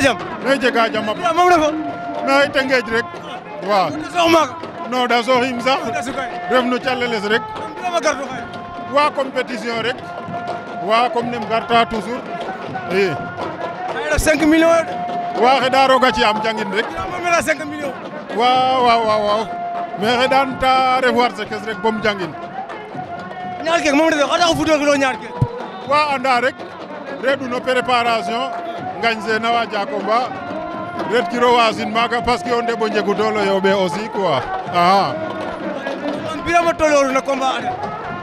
gaajam no i jega jama moom refo no rek waaw soox da sooxiim sax ref no caleles rek waa compétition rek waa comme nem garta toujours i waa xeɗa roog a ci'am jangin rek mera 5 millions waaw waaw waaw mais xeɗan ta ref rek bom jangin waa anda rek reɗu no préparation gañse nawaja combat retkiro wasin maga parce que o ndeɓo njegu doole yooɓe aussi quoi aha an birama toloru no combat ade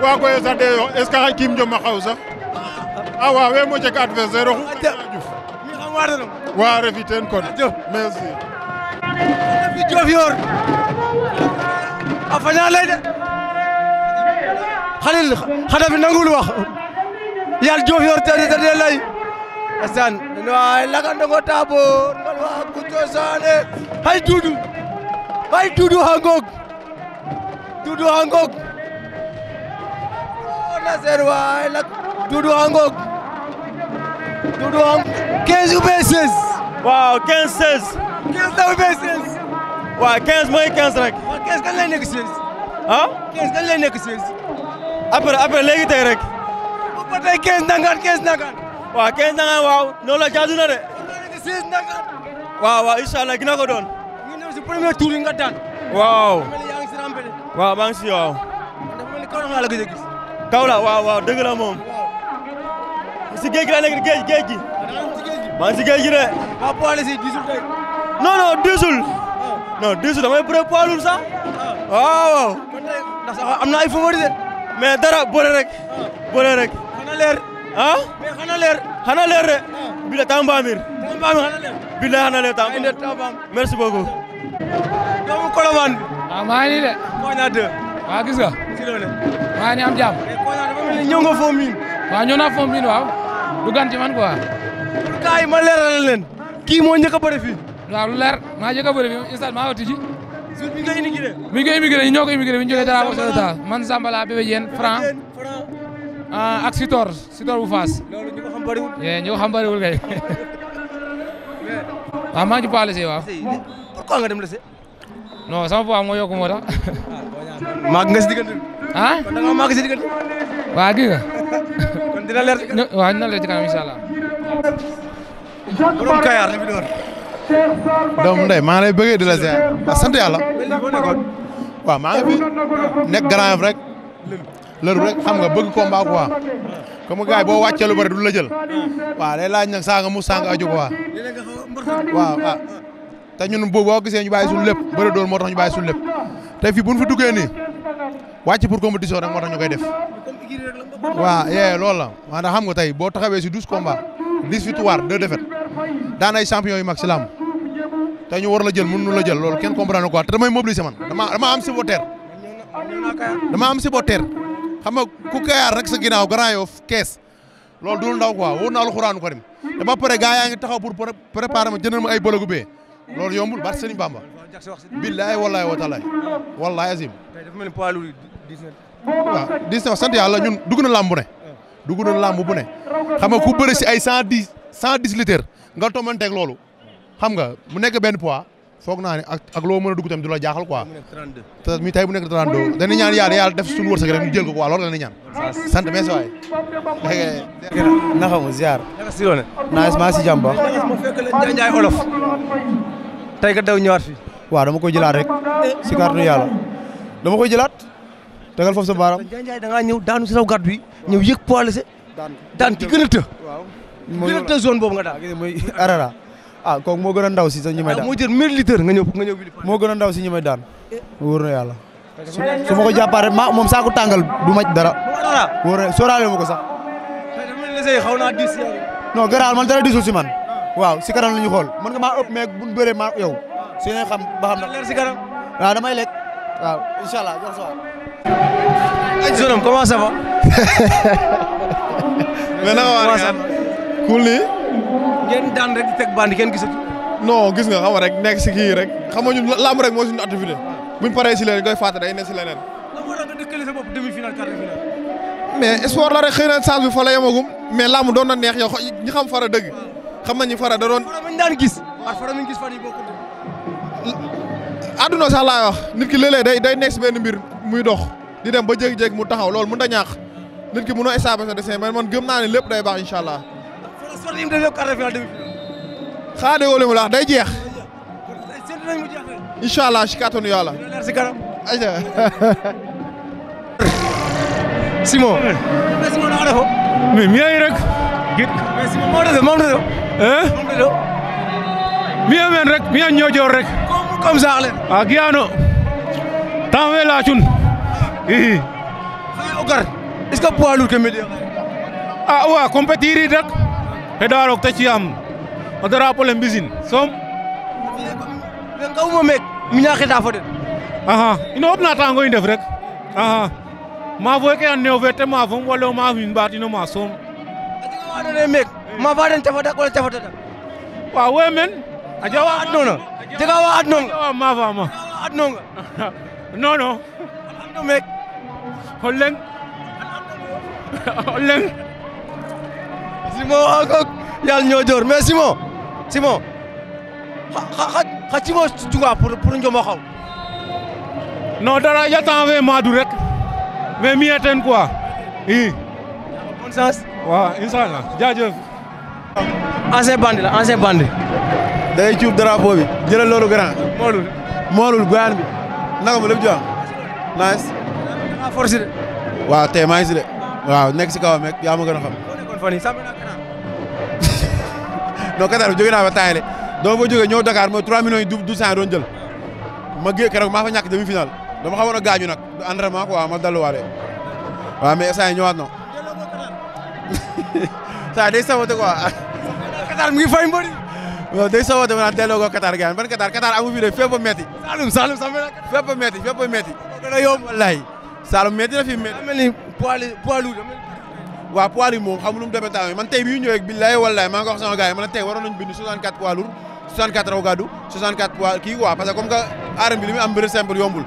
wago ye sade yo est ce xay kim joma xaw sax a ah. ah, wawe mo jeg adversaire oxu ƴuf wa refi teen kon merci de xalil xana fi nangul wax yaal joof yoor tede tede ley asan waay laga ndongo tabor walwa kuco sane hay dudu hay dudu hangog dudu hangog oh, naser hangog dudu hang 15 ou bien 16 waaw 15 16 15 ou bien 16 waaw mooy 15 rek waaw 15 kan lay nekk 16 ah 15 kan lay nekk 16 après après léegi tey tey 15 nangaan 15 nangaan waa 15 ndànk waaw noonu la jaadu na de. waaw waaw incha allah dina ko doon. ñu si premier tour maa si waaw. kaw la waaw waaw si géej gi la nekk géej maa si géej gi de. diisul tey. diisul. non diisul damay bëre poids lourd sax. na ay favori de. mais dara bëre rek. ah mais xana leer xana leer de bila Tambamir ah, maa ngi nii de ah, gis nga maa ngi am jàmm Koña dafa mel ni nga foo miin waaw ñëw naa foo miin waaw du gan man quoi pour gars yi ma leeral leen kii moo njëkk a bëri fii waaw lu leer maa njëkk a bëri maa wati ji bi ñu koy immigré ñu ñoo ko immigré bi ñu jógee man Sambala bébé Diène Franc Ah, ak Sitor Sitor bu Faas. loolu ñu ko xam bëriwul. Eh, ñu ah, maa ngi ci Paa Lissé waaw. pourquoi nga dem Lissé. non sama nga si diggante bi. ah kon nga màgg si diggante waa gis nga. kon dina maa ngi lay bëggee di la ziar. Ah, sant yàlla. waaw maa ngi fi nekk Grand Yoff lër rek xam nga bëgg combat quoi comme gars yi boo wàccee lu bëri du la jël waa day laaj nag sanga mu sanga aju quoi waaw waaw te boobu boo gisee ñu bàyyi suñu lépp bëri doon moo tax ñu bàyyi suñu lépp te fii bu ñu fi duggee nii wàcc ko mu rek moo tax ñu koy def waaw yee loolu la maanaam xam tey boo taxawee si douze combats dix victoires deux défaites daan ay champion yu mag si làmb te ñu war la jël mun nu la jël loolu kenn comprendre quoi te damay mobiliser man dama dama am supporter dama am supporter xam nga ku Kayar rek sa ginnaaw Grand Yoff kees loolu dul ndaw ko wóor na alxuraanu karim te ba pare gaa yaa ngi taxaw pour préparer ma jëndal ma ay bologu bee loolu yombul barke Serigne Bamba. billaay wallaay wa taalaay wallaay azim. tey dafa mel ni poids ñun dugg na làmb bu ne. dugg na làmb bu ne xam nga ku bëre si ay cent dix cent dix litres nga tombanteeg loolu xam nga mu nekk benn poids. foog naa ak ak loo mën a dugg tamit jaaxal quoi. te mi tey bu nekk 32. dañu ñaan yàlla yàlla def suñu wërsëg rek ñu jël ko quoi loolu la ñuy ñaan. sant mais sa waay. na xam nga ziar. naka si si jàmm ba. ma fekk la Ndiaye daw ñëwaat fi. waa dama ko jëlaat rek. si kàttanu yàlla. dama ko jëlaat. tegal foofu sa baaram. Ndiaye Ndiaye da ñëw daanu si raw gàddu ñëw yëg a të. waaw mooy gën boobu nga daal. ah kooku moo gën a ndaw si sax ñi may daan moo jël 1000 litres nga ñëw nga ñëw moo gën a ndaw si ñi daan eh. wóor na yàlla su ma ko moom saako tàngal du maj dara wóor na sóoraale ma ko sax non garaal man dara disul si man waaw si kanam la ñu xool mën nga maa ëpp mais buñ bëree maa yow si nga xam ba xam na si kanam waaw damay lekk waaw incha allah sa waaw sonam ngeen daan rek di teg bandi kenn gisatu. non gis nga xam nga rek nekk si kii rek xam nga ñu làmb rek moo suñu activité buñ paree si leen koy fàtte day ne si leneen. lan moo tax nga dëkkale sa bopp demi final quart mais sport la rek xëy na chance bi fa la yemagum mais làmb doon na neex yow ñi xam fara dëgg. xam nañu fara da doon. fara mañ daan gis. waaw fara mañ gis fan yi bokkul. àdduna sax laay wax nit ki léeg day day nekk si benn mbir muy dox di dem ba jékki-jékki mu taxaw lool mun da ñaax nit ki mënoo établir sa dessin mais man gëm naa ne lépp day baax incha allah xanaa déggoo li mu la wax jeex. incha allah si kàttanu Simon. mais mieux yi rek. gis nga moom men rek mieux ñoo joor rek. comme ça le. ah Guiano. temps fee laajun. Ah. xëy na au gar est-ce que poids lourd que média. Ah, heɗaro taciyam o drapeau le mbisin soom ɓe ngawmo meek miña xeta fo den axa ino fop natango i ndef rek axa maafo ke an neew te maafom wala o maafin mbatino soom a jega wa andoona yee meek maafa den tefa adnoona jega wa adnonga wa maafama Simon encore ah, yàlla ñoo dóor Simon Simon xa xa Simon Diouf pour pour Ndiobo xaw. non dara j'attendais Madou rek mais mieux ten quoi i bonne chance waaw inshallah jaajëf ancien bandi bandi day cuub drapeau bi jëlal loolu grand moolul moolul goyaan bi naka ma lépp jox nice forcé de waaw tey maa ngi si de waaw nekk si xam samp fan yii samp naa naa fa taayale dama fa jógee ñëw Dakar mooy 3 millions yi du du jël ma gée keroog maa fa ñàkk demi final dama xamoon a gaañu nag du entraînement quoi ma dalluwaale waaw mais saa yi ñëwaat na. saa day saboté quoi. Qatar mu ngi fay mbëri. waaw day saboté ma naan delloo ko Qatar gaan ban Qatar Qatar amu fi de fépp a métti. Saalum Saalum samp na fépp a métti fépp a métti. dana Saalum métti na fi métti. waa poids yi moom xamul nu mu man tey bi ñu ñëwee billaay wallaay maa ngi wax sama man tey waroon nañu bind 64 poids lourd 64 raw kii quoi parce que comme que arène bi li yombul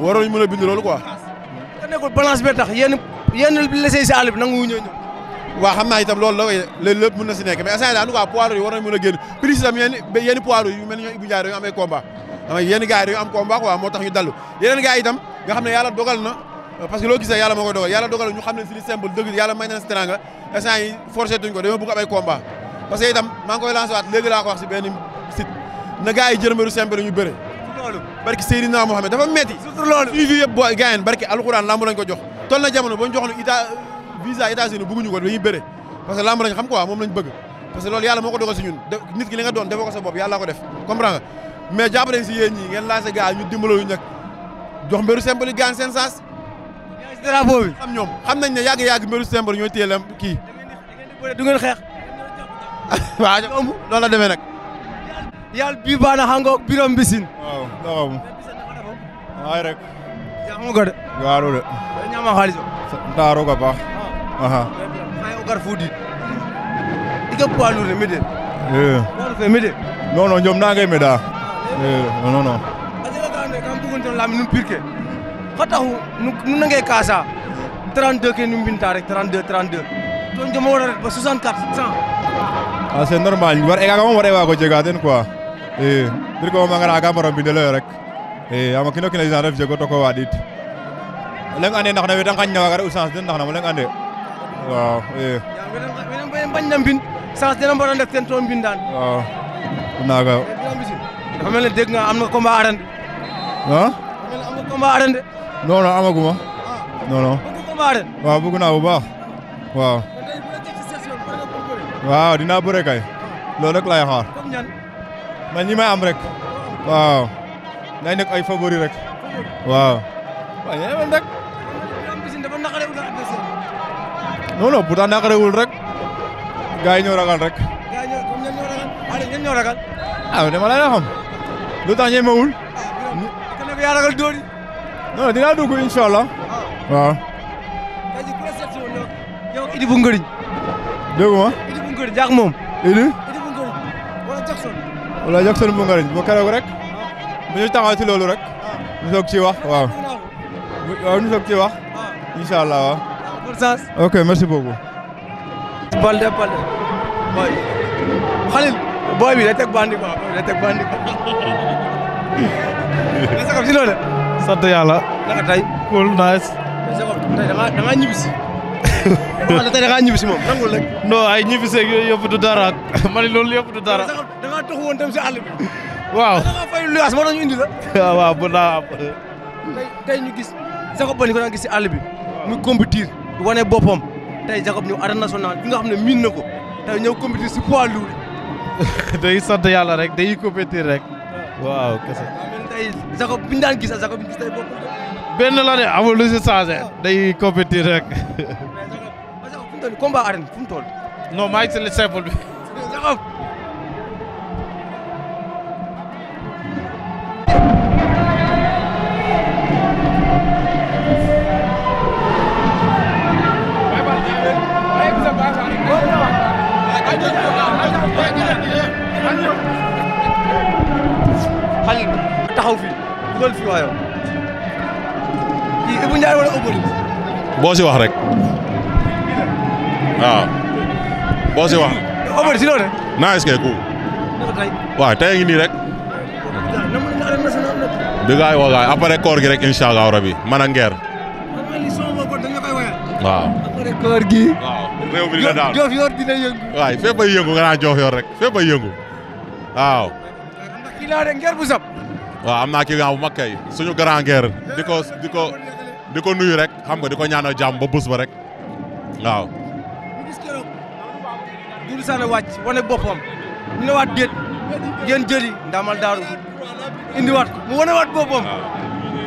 waroon nañu mën a loolu quoi. balance bee tax yéen yéen lesee si àll bi nangu wu ñëw ñëw. naa itam loolu la léegi lépp mën na si nekk mais instant yi war nañu mën a génn prix itam yi dañoo am combat quoi moo tax ñu dallu yeneen gars yi itam nga xam ne yàlla dogal na Euh, parce que loo gisee yàlla moo koy dogal yàlla dogal ñu xam na si teranga instant yi forcé tuñ ay combat parce que ko wax si benn site na parce que lamb moo ko dogal si ñun nit ki li doon defoo ko sa bopp yàlla ko def comprends mais jàpp nañ si yéen ñi ngeen lancé ñu dimbaloo ñu jox mbëru simple gaan seen drapeau bi. xam ñoom xam nañ ne yàgg yàgg mbiru simple ñooy téye lem kii. du xeex. waaw loolu la demee nag. yàlla bii baax na birom bisin. waaw waaw. rek. jaamu ko de. waaw loolu aha. maa fuudi. i ka poids lourd mi de. Eh. naa ngay daa. Eh, non non. xa taxu nu nange kaasa 32 ke nu mbinta rek 32 32 to njom wara ret ba 64 100 a c'est normal war e kaaga moom war e waago jega ten quoi i mbir ko moom a ngara ka mbaro mbindeloyo e rek i yaam o kiino kiin a genre ref jego to ko waɗiid ande ndax na weta ngañ na waaga u chance den ndax nam o leŋ ande waaw i wene mbañ na mbin chance den a mbara ndef ten to mbindaan waaw naaga dafa mel ne dégg nga am na combat arène a am na combat non non amaguma. Ah. non waaw bëgg naa bu baax waaw. waaw dinaa bëre kay. Ah. loolu rek xaar. man ñi may am rek. waaw. day nekk ay favori rek. waaw. waaw ñeneen rek. non non pourtant rek. gars ñoo ragal rek. ah dama lay xam. lu tax ñemewul. Ah, yaa non dinaa dugg incha allah. Ah. Idi bu Ngëriñ. dégg Idi bu Ngëriñ moom. Idi. Idi bu Ngëriñ wala Jackson. rek. bu ah. ñu taxaw ci loolu rek. Ah. ñu soog ci wax waaw. waaw ñu soog ci wax. incha allah waaw. bonne chance. ok merci beaucoup. Balde Balde. boy Khalil. boy bi day teg bandi quoi day teg bandi quoi. sant yàlla. naka tey. cool nice. tey da ngaa da ngaa ñibbisi. waaw da ngaa ñibbisi moom nangul rek. ay ñibbiseeg yooyu yëpp du dara man loolu yëpp du dara. da ngaa woon dem si àll waaw da ngaa fay bu naa am. tey tey ñu gis Jacob ba ni ko daan gis si àll bi muy compétir wane boppam tey Jacob ñëw arène nationale bi nga xam ne miin na ko tey ñëw compétir si poids day sant yàlla rek day compétir rek waaw kese. tey Jacob bi gis ak Jacob bi ñu gis tey bokkul benn la de amul si changé oh. day compétir rek. mais Jacob ma Jacob fu mu toll combat arène fu bi. Jacob. taxaw fii dugal fii waaye boo si wax rek waaw boo si wax. naa est-ce que ku. waaw tey ngi nii rek. dëggaay wagaay après koor gi rek incha allah rabi man a ngeer. waaw. après koor gi. waaw réew mi dina daal Diofior dina yëngu. waay fépp ay yëngu nga naan Diofior yëngu waaw. waaw am naa client bu mag kay suñu grand guerre di nuyu rek xam nga di ko ñaanal jàmm ba bés ba rek waaw. ñu gis keroog Doudou boppam ñu ne waat déet ngeen jëli ndaamal daaru indiwaat ko mu waat boppam. waaw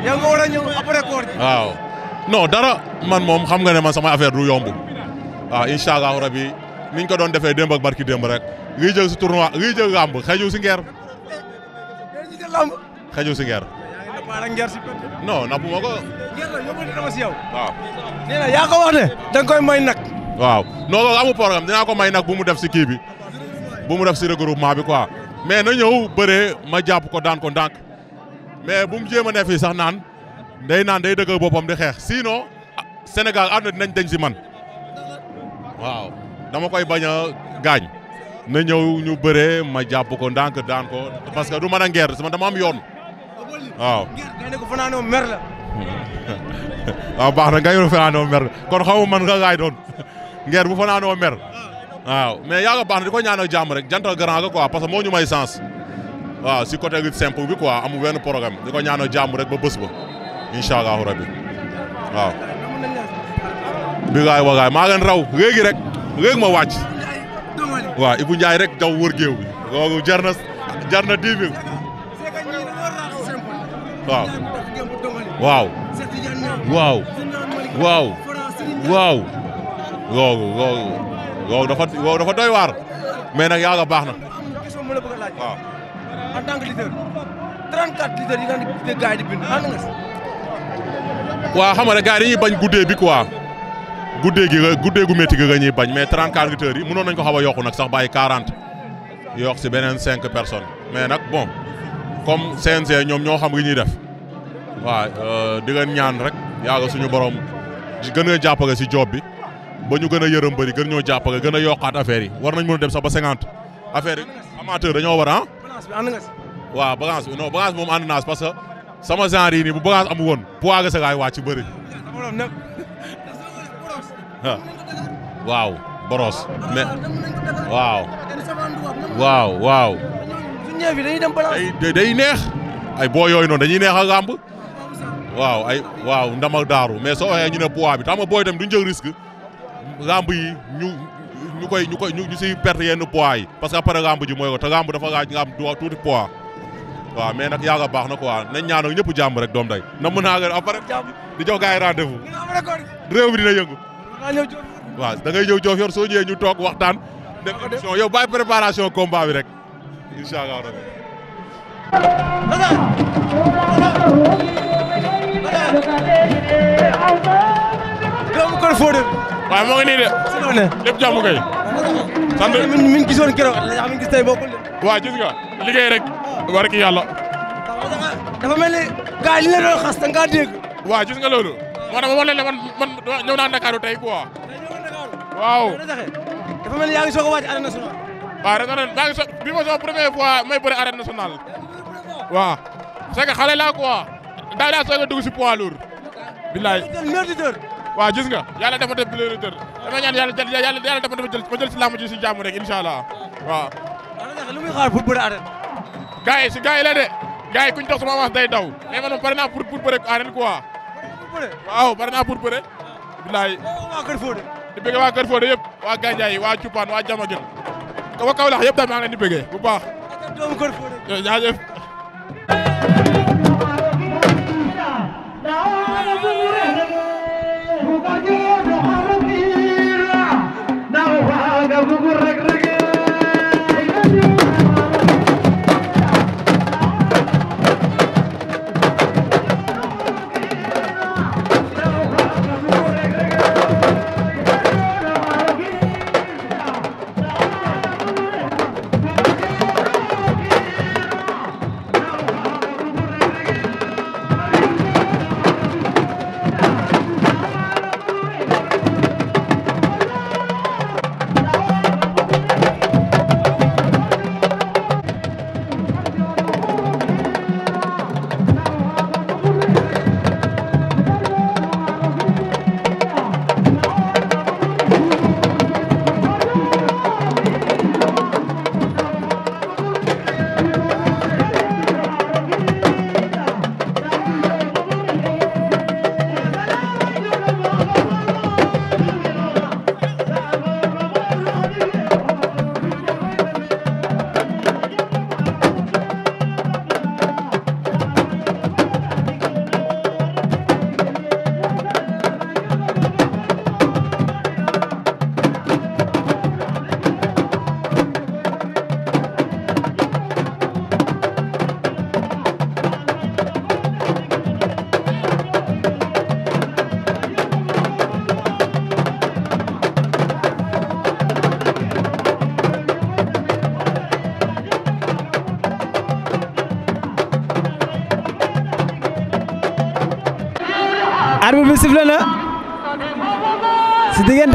yaa nga war ji. waaw non dara man moom xam nga ne man sama affaire du yomb waaw incha allahu rabi niñ ko doon defee démb ak barki démb rek. lii jël si tournoi lii jël làmb ngeer. xëju si ngeer. non napp moo ko. yaa ko wax ne. da koy may nag. waaw non loolu amul programme dinaa ko may nag bu mu def si kii bi bu mu def si regroupement bi quoi mais na ñëw bëree ma jàpp ko daan ko ndànk mais bu mu jéem a ne fii sax naan day naan day dëgg boppam di xeex senegal ah, Sénégal àdduna dinañ dañ si man waaw dama koy bañ a gaañ na ñëw ñu bëree ma jàpp ko ndànk daan ko parce que du mën a ngeer sama dama am yoon. waaw. baax na ngay fanaanoo mer kon xaw man nga gaay doon ngeer bu fanaanoo mer. waaw mais yaa ngi baax na di ko ñaanal jàmm rek jantal grand ga quoi parce que moo may sens. waaw si côté lutte simple bi quoi amul benn programme di ko ñaanal jàmm rek ba bës ba allahu rabi waaw. bi gaay wa gaay maa leen raw léegi rek léegi ma wàcc. waaw Ibou Ndiaye rek daw wër géew bi loolu jar na jar waaw waaw waaw waaw waaw wow wow wow dafa wow dafa doy waar mais nag yàlla baax na waaw en tant que leader 34 leaders yi nga xam ne gars yi di bind bañ guddee bi quoi guddee gi nga guddee gu métti gi nga ñuy bañ mais 34 leaders yi mënoon nañu ko xaw a yokku nag sax bàyyi 40 yokk si beneen 5 personnes mais nag bon comme CNG ñoom ñoo xam li ñuy def waaw euh, di leen ñaan rek yàlla suñu borom gën a jàppale si job bi ba ñu gën a yërëm bëri gën ñoo jàppale gën a yokkaat affaire yi war nañ mën a dem sax ba cinquante affaire yi amateur dañoo war a ah? balance bi ànd waaw balance bi non balance moom ànd naa parce que sama genre yi nii bu balance amu woon poids ga sa gaay wàcc bëri. waaw boros. mais waaw waaw. ñeef yi dañuy dem balance. day day neex ay boo yooyu noonu dañuy neex a gàmb waaw ay waaw ndam daaru mais soo waxee ñu ne poids bi xam nga booy itam duñ jël risque gàmb yi ñu ñu koy ñu koy ñu siy perte yenn poids yi parce que après gàmb ji mooy ko te gàmb dafa laaj nga am tuuti poids waaw mais nag yàlla baax na quoi nañ ñaanal ñëpp jàmm rek doom day na mën naa a après di jox gars yi rendez-vous réew mi dina yëngu waaw da ngay ñëw Diofior soo ñëwee ñu toog waxtaan def émission yow bàyyi préparation combat bi rek incha allah rabi. foo dem. waaw moo ngi nii de. si loolu ne. lépp jàmm kay. sant mi mi ngi gisoon keroog la gis tey bokkul de. waaw gis nga liggéey rek. war ki yàlla. dafa mel ni gars yi loolu. moo tax ma wax leen ne man man waa ren ren daa ngi so bi ma sama première fois may bëri arène nationale waaw c'est que xale laa quoi daa a dugg si poids lourd billaay waaw gis nga yàlla dafa def bi tër dama ñaan yàlla jël yàlla yàlla dafa def jël ma jël si si jàmm rek incha allah waaw lu muy yi si gars yi la de gars yi kuñ jox sama avance day daw mais man pare naa pour pour bëre arène quoi waaw pare naa pour bëre billaay di bëgg waa Kër waa Gandiaye waa Cupaan waa kaw Kaolack yëpp daal maa ngi leen di bëggee bu baax. jaajëf.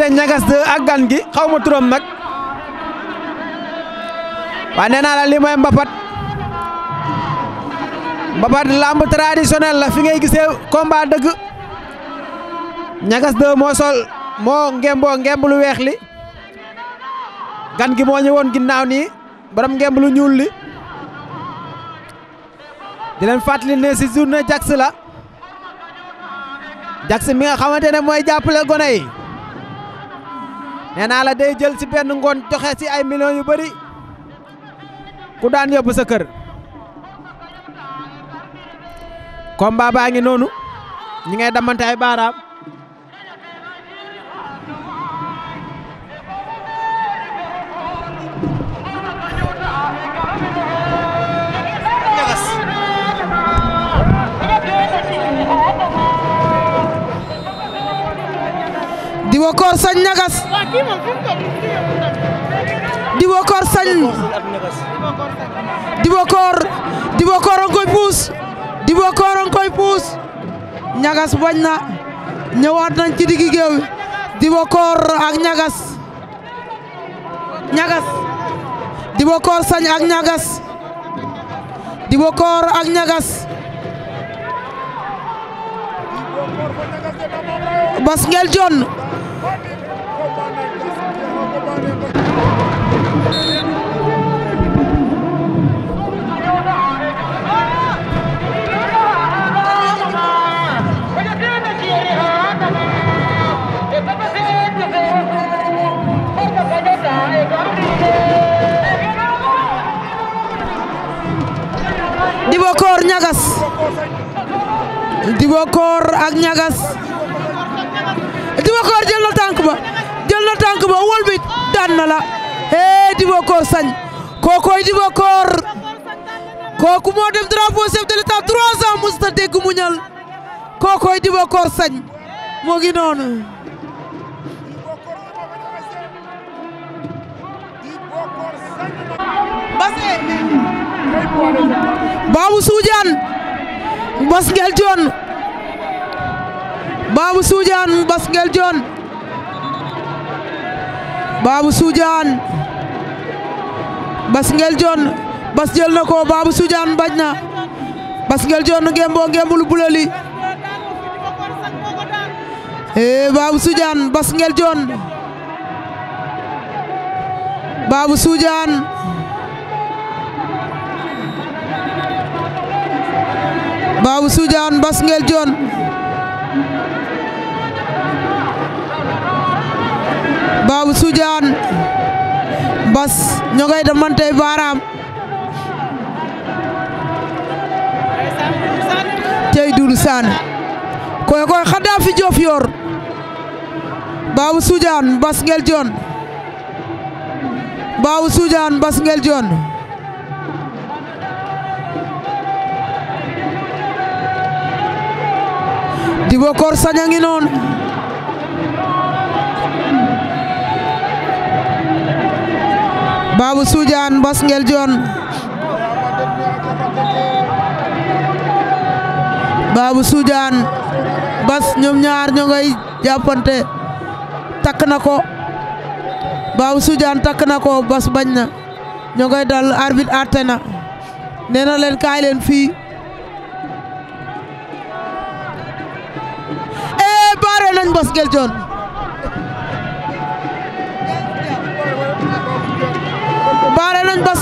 diggante ñagas de ak gan gi xaw ma turam nag waaye nee naa la lii mooy mbapat mbapat lamb traditionnel la fi ngay gisee combat dëgg ñagas de moo sol moo ngemboo ngemb lu weex li gan gi moo ñëwoon ginnaaw nii borom ngemb lu ñuul li di leen fàttali ne si journée jax la jax mi nga xamante ne mooy jàppale gone yi nee la day jël ci benn ngoon joxe ci ay millions yu bari ku daan yóbbu sa kër combat baa ngi noonu ñi ngay damante ay baaraam Dibocor sañ Dibocor Dibocor a ngi puus Dibocor a ngi koy puus ñagas bañ na ñëwaat nañ ci diggi géew Dibocor ak ñagas ñagas Dibocor sañ ak ñagas Dibocor ak ñagas Bas Ngel Dibakor ñagas Dibakor ak ñagas Dibakor jël na tànk ba jël na tànk ba wol bi daan na la hee Dibakor sañ kookoy Dibakor kooku moo dem drapeau chef de l'état trois ans musta dégg mu kookoy Dibakor sañ moo ngi noonu Babou Soudiane Bass Nguel Dione Babou Soudiane Bass Nguel Dione Babou Soudiane Bass na ko Babou Soudiane bañ na Bass Nguel ngembul bulali ee eh, Babou Soudiane Bass Nguel Dione Babou Babou Soudiane Mbass Nguel Dione Babou Soudiane Mbass ñoo ngay damante baaraam cey Doudou Sané koy koy xadda fi joof yor Babou Soudiane Mbass Nguel Dione Babou Soudiane Mbass Nguel Dione Dibocor Sagne a ngi noonu Babou Soudiane ngel Nguel Dione Babou Soudiane Bass ñoom ñaar ñoo ngay jàppante takk na ko Babou aan takk na ko Bass bañ na ñoo ngay dal arbitre àtte na nee leen kaay fii nañ Mbos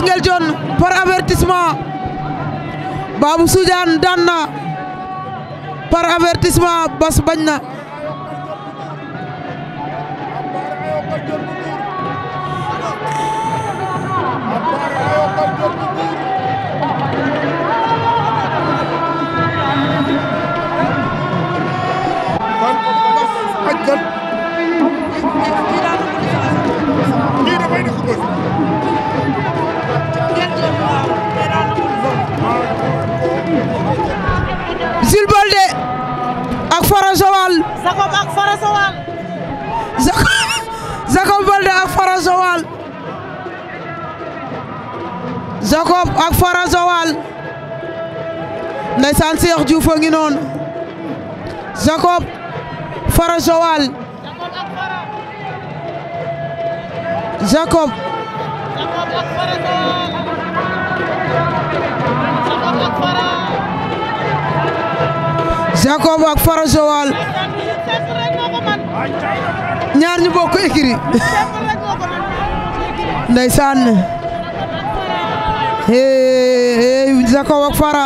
Guel Dione par avertissement Babou Soudiane daan na lan kii dafay ak Fara Joal Jacob Jacob Baldé ak Fara Joal Jacob ak Fara Joal ndeysaan Seex Juuf a ngi noonu Jacob Fara Joal Jacob Jacob ak Fara Joal ñaar ñu bokk écurie ndeysaan hey Jacob ak Fara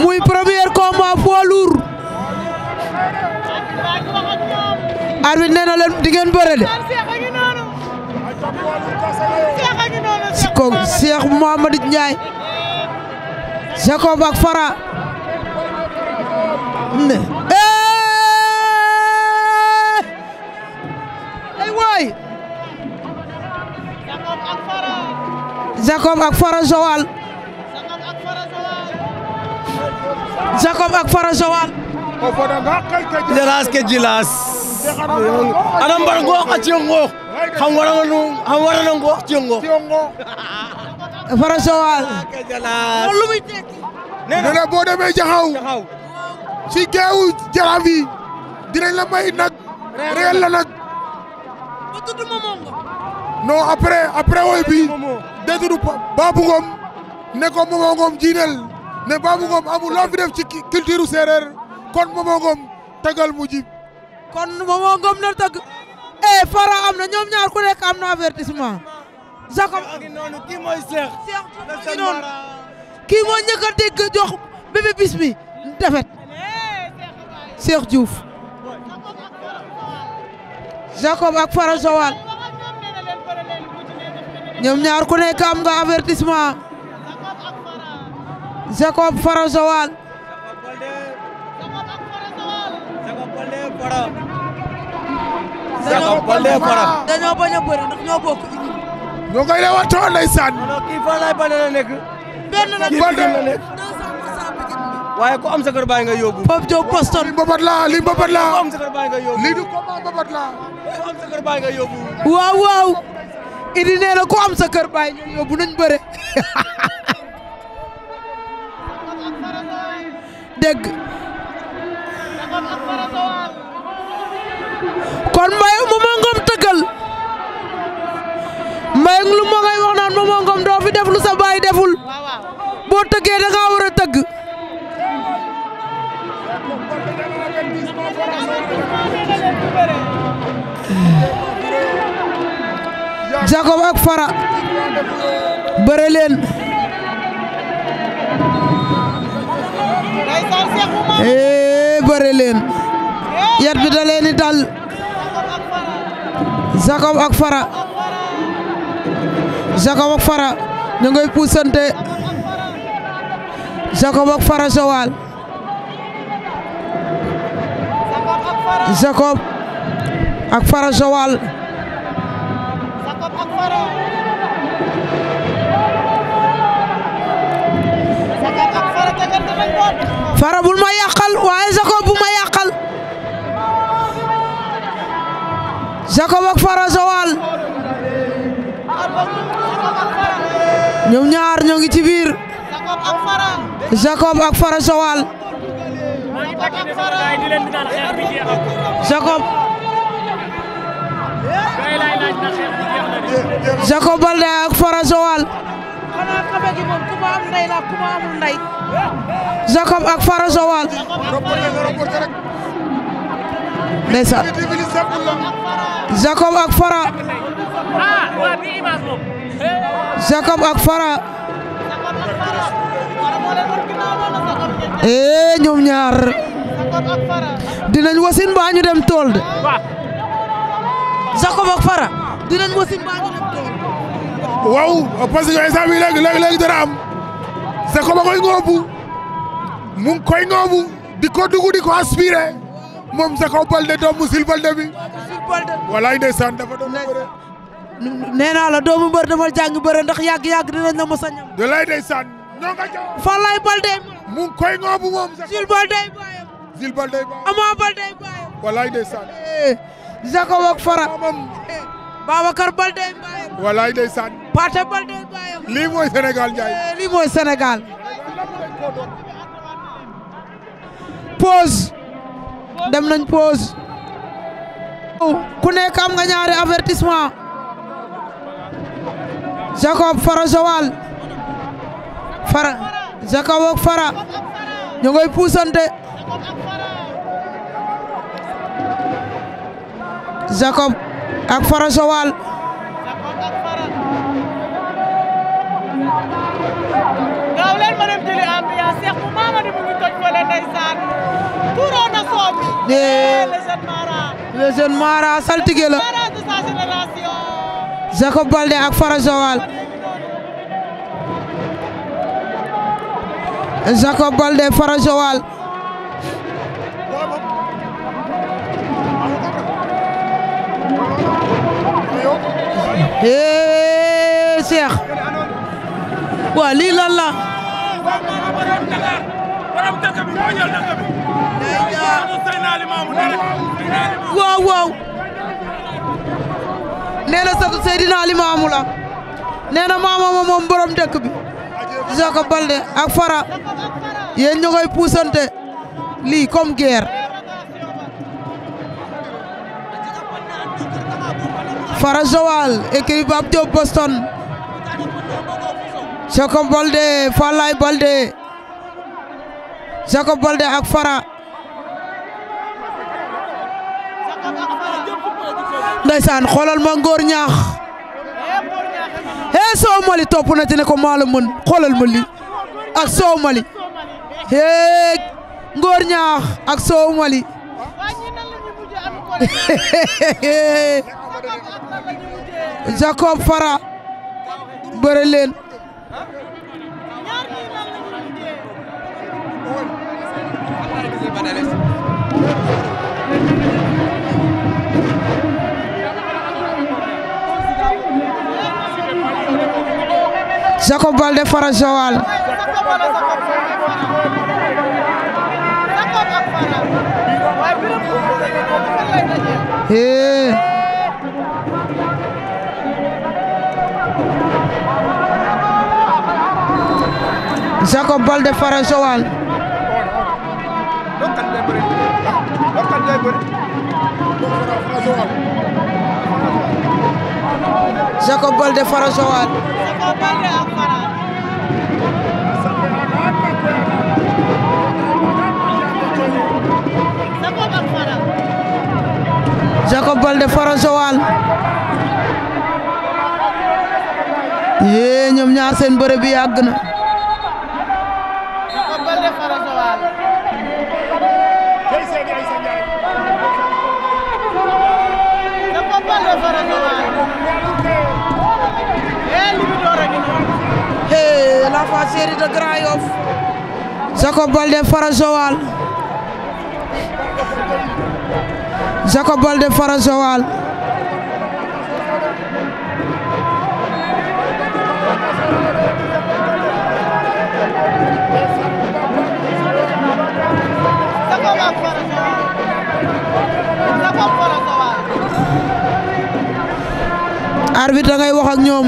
muy premier combat poids lourd arbitre nee na leen di ngeen bëre de. si ko Cheikh Mouhamadou Ndiaye. Jacob ak Fara. ne. Eh! ay waay. Jacob ak Fara Joal. Jacob ak Fara Joal. jaraas ke jilaas ana mbar ngoox a ciyo ngoox xam warano ngoox ciyo ngoox fara jaxaw ci geewu jaraaf yi dinañ la may nag réel la nag ba tudd Momo non après après woy bi ne ko Momo Ngom ne Babou Ngom amul loo fi def ci culture séeréer kon Momo Ngom tëggal kon Momo na tëgg eh Fara na ñoom ñaar ku nekk am na avertissement Jacob ngi noonu kii mooy Cheikh Cheikh bismi defet Cheikh Diouf Jacob ak Fara Joal ñoom ñaar ku nekk am nga avertissement Jacob Fara Joal Fara. Jacob Baldé Fara. dañoo ñoo bokk équipe. ñoo ngi koy leewatoo ndeysaan. non kii Fara laay Baldé la nekk. benn la nekk waaye ku am sa kër bàyyi nga yóbbu. kër ko mbapat sa kër bàyyi nga waaw waaw. Idi nee na ku am sa kër bàyyi nga yóbbu bëre. kon mbayu Momo Ngom tëggal mbayu lu ma ngay wax deful boo tëggee da ngaa war a tëgg Jacob ak Fara bëre leen ee eh, bëre leen eh. yat bi da dal Jacob ak Fara Jacob ak Fara ñu ngay puusante Jacob ak Fara Joal Jacob ak Fara Joal fara bul ma yàqal waaye Jacob bu ma yàqal Jacob ak fara Joal ñoom ñaar ñoo ngi ci biir Jacob ak fara Joal Jacob Jacob ak Fara Joal ndeysaan Jacob ak Fara Jacob ak Fara ee eh, ñoom ñaar dinañ wasin ba ñu dem tool de Jacob ak Fara dinañ wasin ba dem tool waaw Jacob a koy ngoobu mu ngi koy ngoobu di ko dugg di ko aspiré moom Jacob Baldé doomu Jules Baldé bi. walaay ndeysaan dafa doon bëre. nee naa la doomu mbër dama jàng bëre ndax yàgg yàgg dinañ la mos a ñam. walaay ndeysaan ñoo nga jox. Falaay koy ngoobu moom. Jules Baldé baayam. Jules Baldé baayam. baayam. walaay ndeysaan. Eh, Fara. Eh, lii mooy Sénégal Ndiaye. Eh, lii mooy Sénégal. pause. dem nañ pause. ku nekk am nga ñaari avertissement. Jacob Fara Joal. Fara Jacob ak Fara. ñu puusante. Jacob ak Fara Joal. gaaw eh, la Mara de Jacob Balde ak Fara Joal Jacob Balde Fara Joal Cheikh waa lii lan la. waaw waaw. nee la. nee na maama moom borom dëkk bi. Jacob Balde ak Fara. yéen ñu puusante lii comme guerre. Fara Joal écrit Bab Boston. Jacob Baldé Falaye Baldé Jacob Baldé ak Fara ndeysaan xoolal ma ngóor ñaax hee soow mali topp na ci ne ko maa la mën xoolal ma li ak soow mali hee ngóor ñaax ak soow mali Jacob Fara bëre leen Canales. Jacob Baldé Fara Joal eh. Jacob Baldé Fara Joal Jacob ñoom ñaar seen bëre bi yàgg na waa série de Grand Yoff Jacob Baldé Fara Joal ngay wax ñoom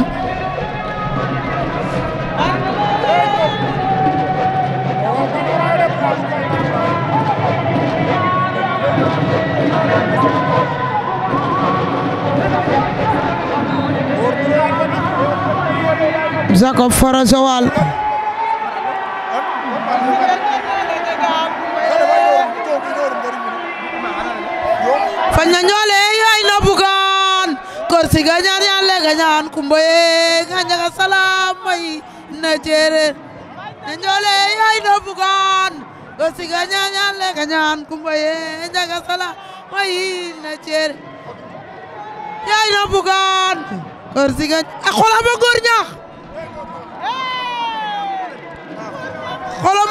Jacob Fara Joal fañ na ñoole yaay na bugaan korsi gañaan yaan le gañaan kumba yee gañaga salaam may na jeere na ñoole yaay na bugaan korsi gañaan yaan le gañaan kumba yee gañaga salaam may yaay na bugaan góor siga ah, a xolam a góor ñaax xolam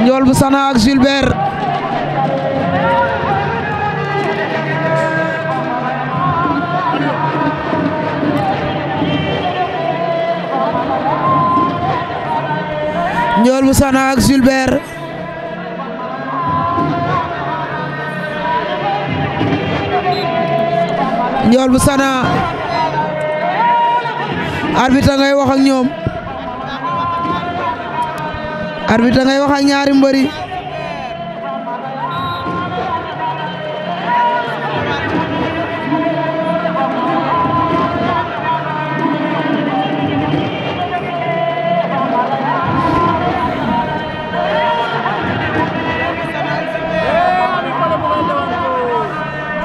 Ndiol bu Sana ak Gilbert Ndiol bu Sana ak Gilbert Ndiol bu Sana arbitre ngay wax ak ñoom arbitre ngay wax ak ñaari mbëri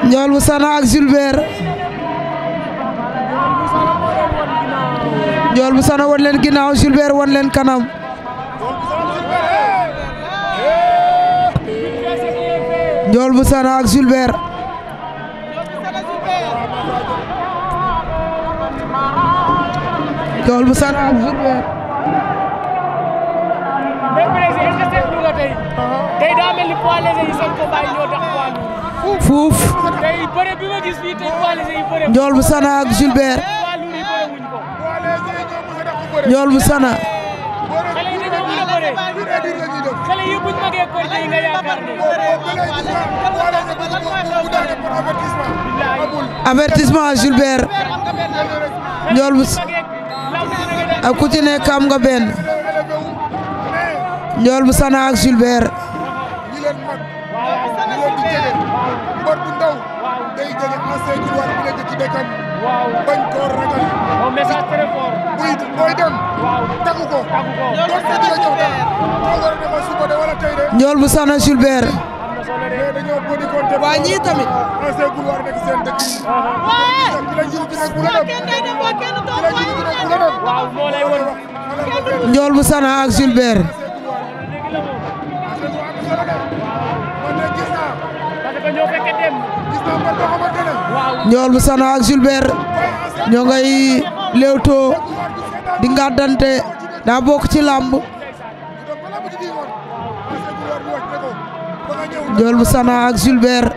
Ndiol bu Sana ak Zulbert Ndiol bu Sana won leen ginnaaw Zulbert won leen kanam Ndiol bu Sana ak Zulbert Ndiol bu Sana ak bu Sana ak Zulbert xale yi buñ magee ko tey nga yaakaar ni avertissement Julbert Ndiol bu ak ku ci nekk am bañ ko ragal. message très fort. buy tàggu ko. doon fekk la ñëw ñool bu soxna Fulbert. waa ñii tamit. un seul couloir nekk seen dëkk bu la dem. ki ñool bu soxna ak Fulbert. ñool bu soxna ak Fulbert ñoo ngay léewtoo. di ngàddante daa bokk ci làmb Ndiol bu Sana ak Gilbert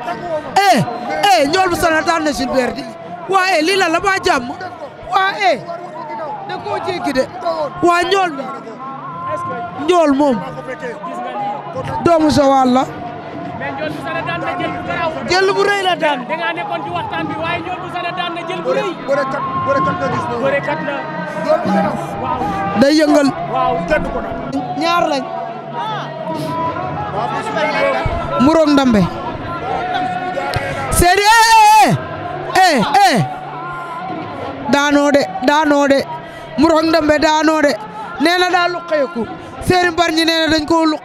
eh eh Ndiol bu Sana daan na Gilbert di waa eh lii la la ba waa eh da koo jéggi de waa Ndiol mi Ndiol moom doomu Joal la jël bu rëy la daan da nga nekkoon ci waxtaan bi waaye Ndiol bu Sana daan na jël bu rëy day yëngal. ñaar lañ. Murong Ndambe. Seydi eh eh, eh eh eh daanoo de daanoo de Murong Ndambe daanoo de nee na daa luqeeku Seydi Mbarñi nee na dañ koo luq.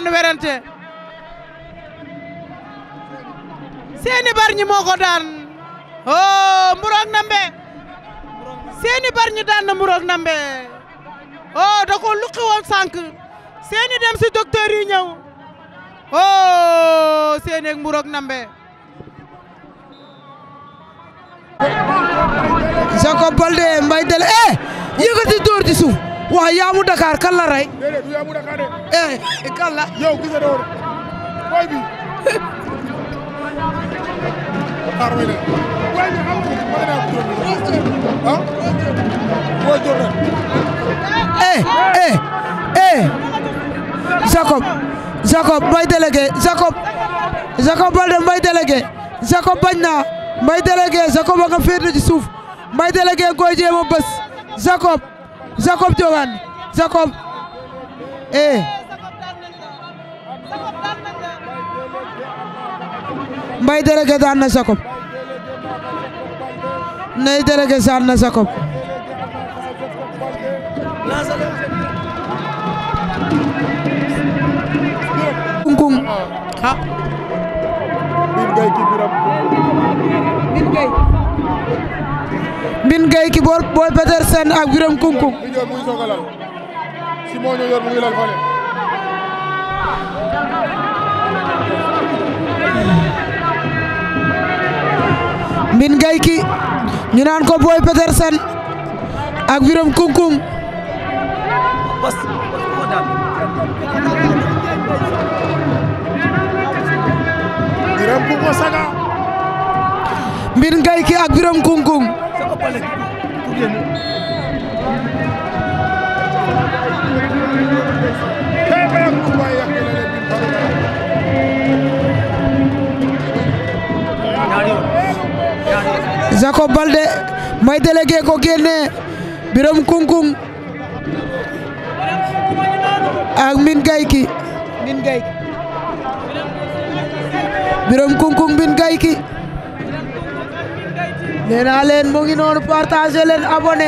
ngeen werante seeni barñi moo ko daan oh mburoog nambe seeni barñi daan na mburoog nambe oh da ko luqi woon sànq dem si docteur yi ñëw oh seeni ak mburoog nambe Jacob Baldé Mbaye Délé eh waa yaamu Dakar kan la rey. déedéet du yaamu Dakar de. Eh, eh, kan yow gis nga doon booy bi. xaar may de booy bi xam nga ma naa bañ naa may délégué a nga féetlu ci suuf may délégué Ngoy jéem a Jacob Diofane Jacob eh Mbaye délégué daan na Jacob Ndeye délégué daan na Jacob Mbine Gueye ki bool bool Petersen ak Birame Koungkoung. Mbine Gueye ki ñu naan ko bool Petersen ak Birame Koungkoung. Mbine Gueye ki ak Birame Koungkoung. ëppale ku génn Jacob Baldé may délégué ko génne Biram Kungkung ak Mbine Gayki Mbine Gayki Biram Kungkung Mbine Gayki nee naa leen mu ngi noonu partagé leen abonné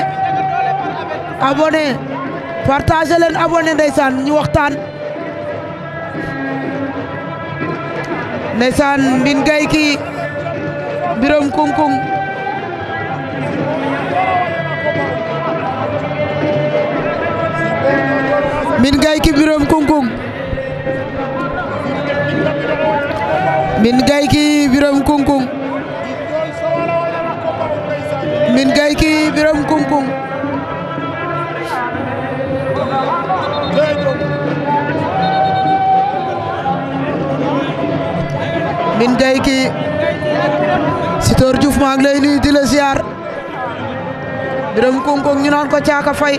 abonné partagé leen abonné ndeysaan ñu waxtaan ndeysaan mbin gay ki birom kungkung min gay ki birom kungkung min gay min gay ki Sitor Diouf maa ngi lay nuyu di la ziar Biram Konkong ñu naan ko Caaka Fay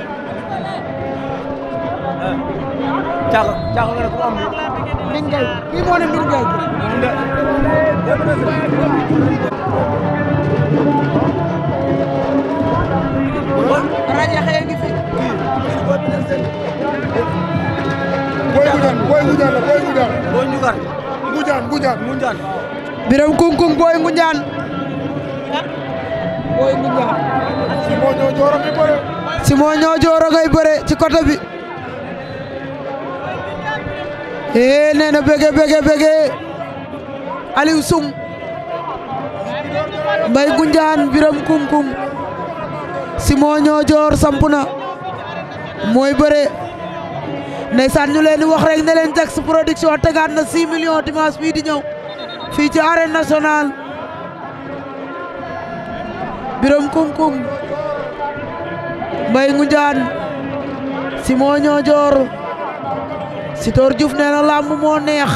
Ngunjaan Ngunjaan Ngunjaan. Biram kunkung booy booy Ngunjaan. Simon ñoo jooro ngay bëre. Simon ñoo jooro ci côté bi. ee eh, nee na bëgge bëgge bëgge Aliou Soum Ngunjaan Biram kunkung Simon ñoo joor sampu mooy bëre. ndeysaan ñu leen di wax rek ne leen Jax production tegaat na 6 millions dimanche bii di ñëw fii ci arène nationale birom kumkum mbay ngu njaan Simon Ñoojoor Sitor Diouf nee na làmb moo neex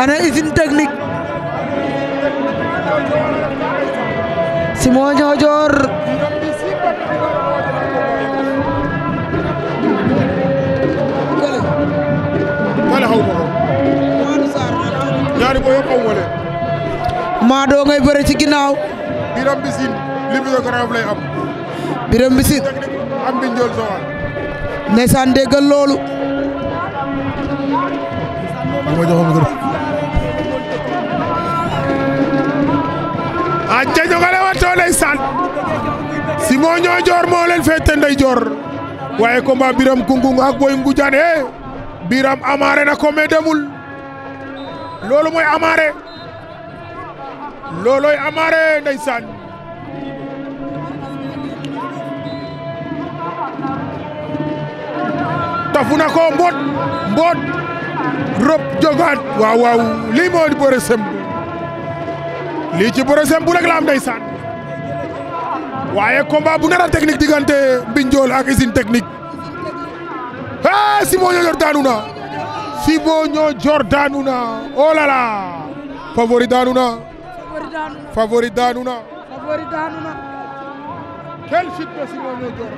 ana usine technique Simon Ñoojoor xaw ma ko. ñaari booy yëpp xaw ma leen. Maadoo ngay bëre ci ginnaaw. Biram Bisin li mu garaaf am. Biram Bisin. am bi njool soo waay. ndeysaan déggal loolu. ma joxoon ko. ah ca ñu ko joor moo leen féete joor waaye combat Biram Gungung ak Boy Ngujaan eh. biram amaare na ko mais demul loolu mooy amaare loolooy amaare tafu na ko mbot mbot rob jogaat waaw waaw lii moo di bëre semb lii ci bëre semb bu rek la am ndeysaan waaye combat bu nar a technique diggante Mbinjool ak technique ah Simon Niodior daanu na Simon Niodior daanu na oh là là favori daanu na. favori daanu na. favori daanu na. quel chute de Simon Niodior.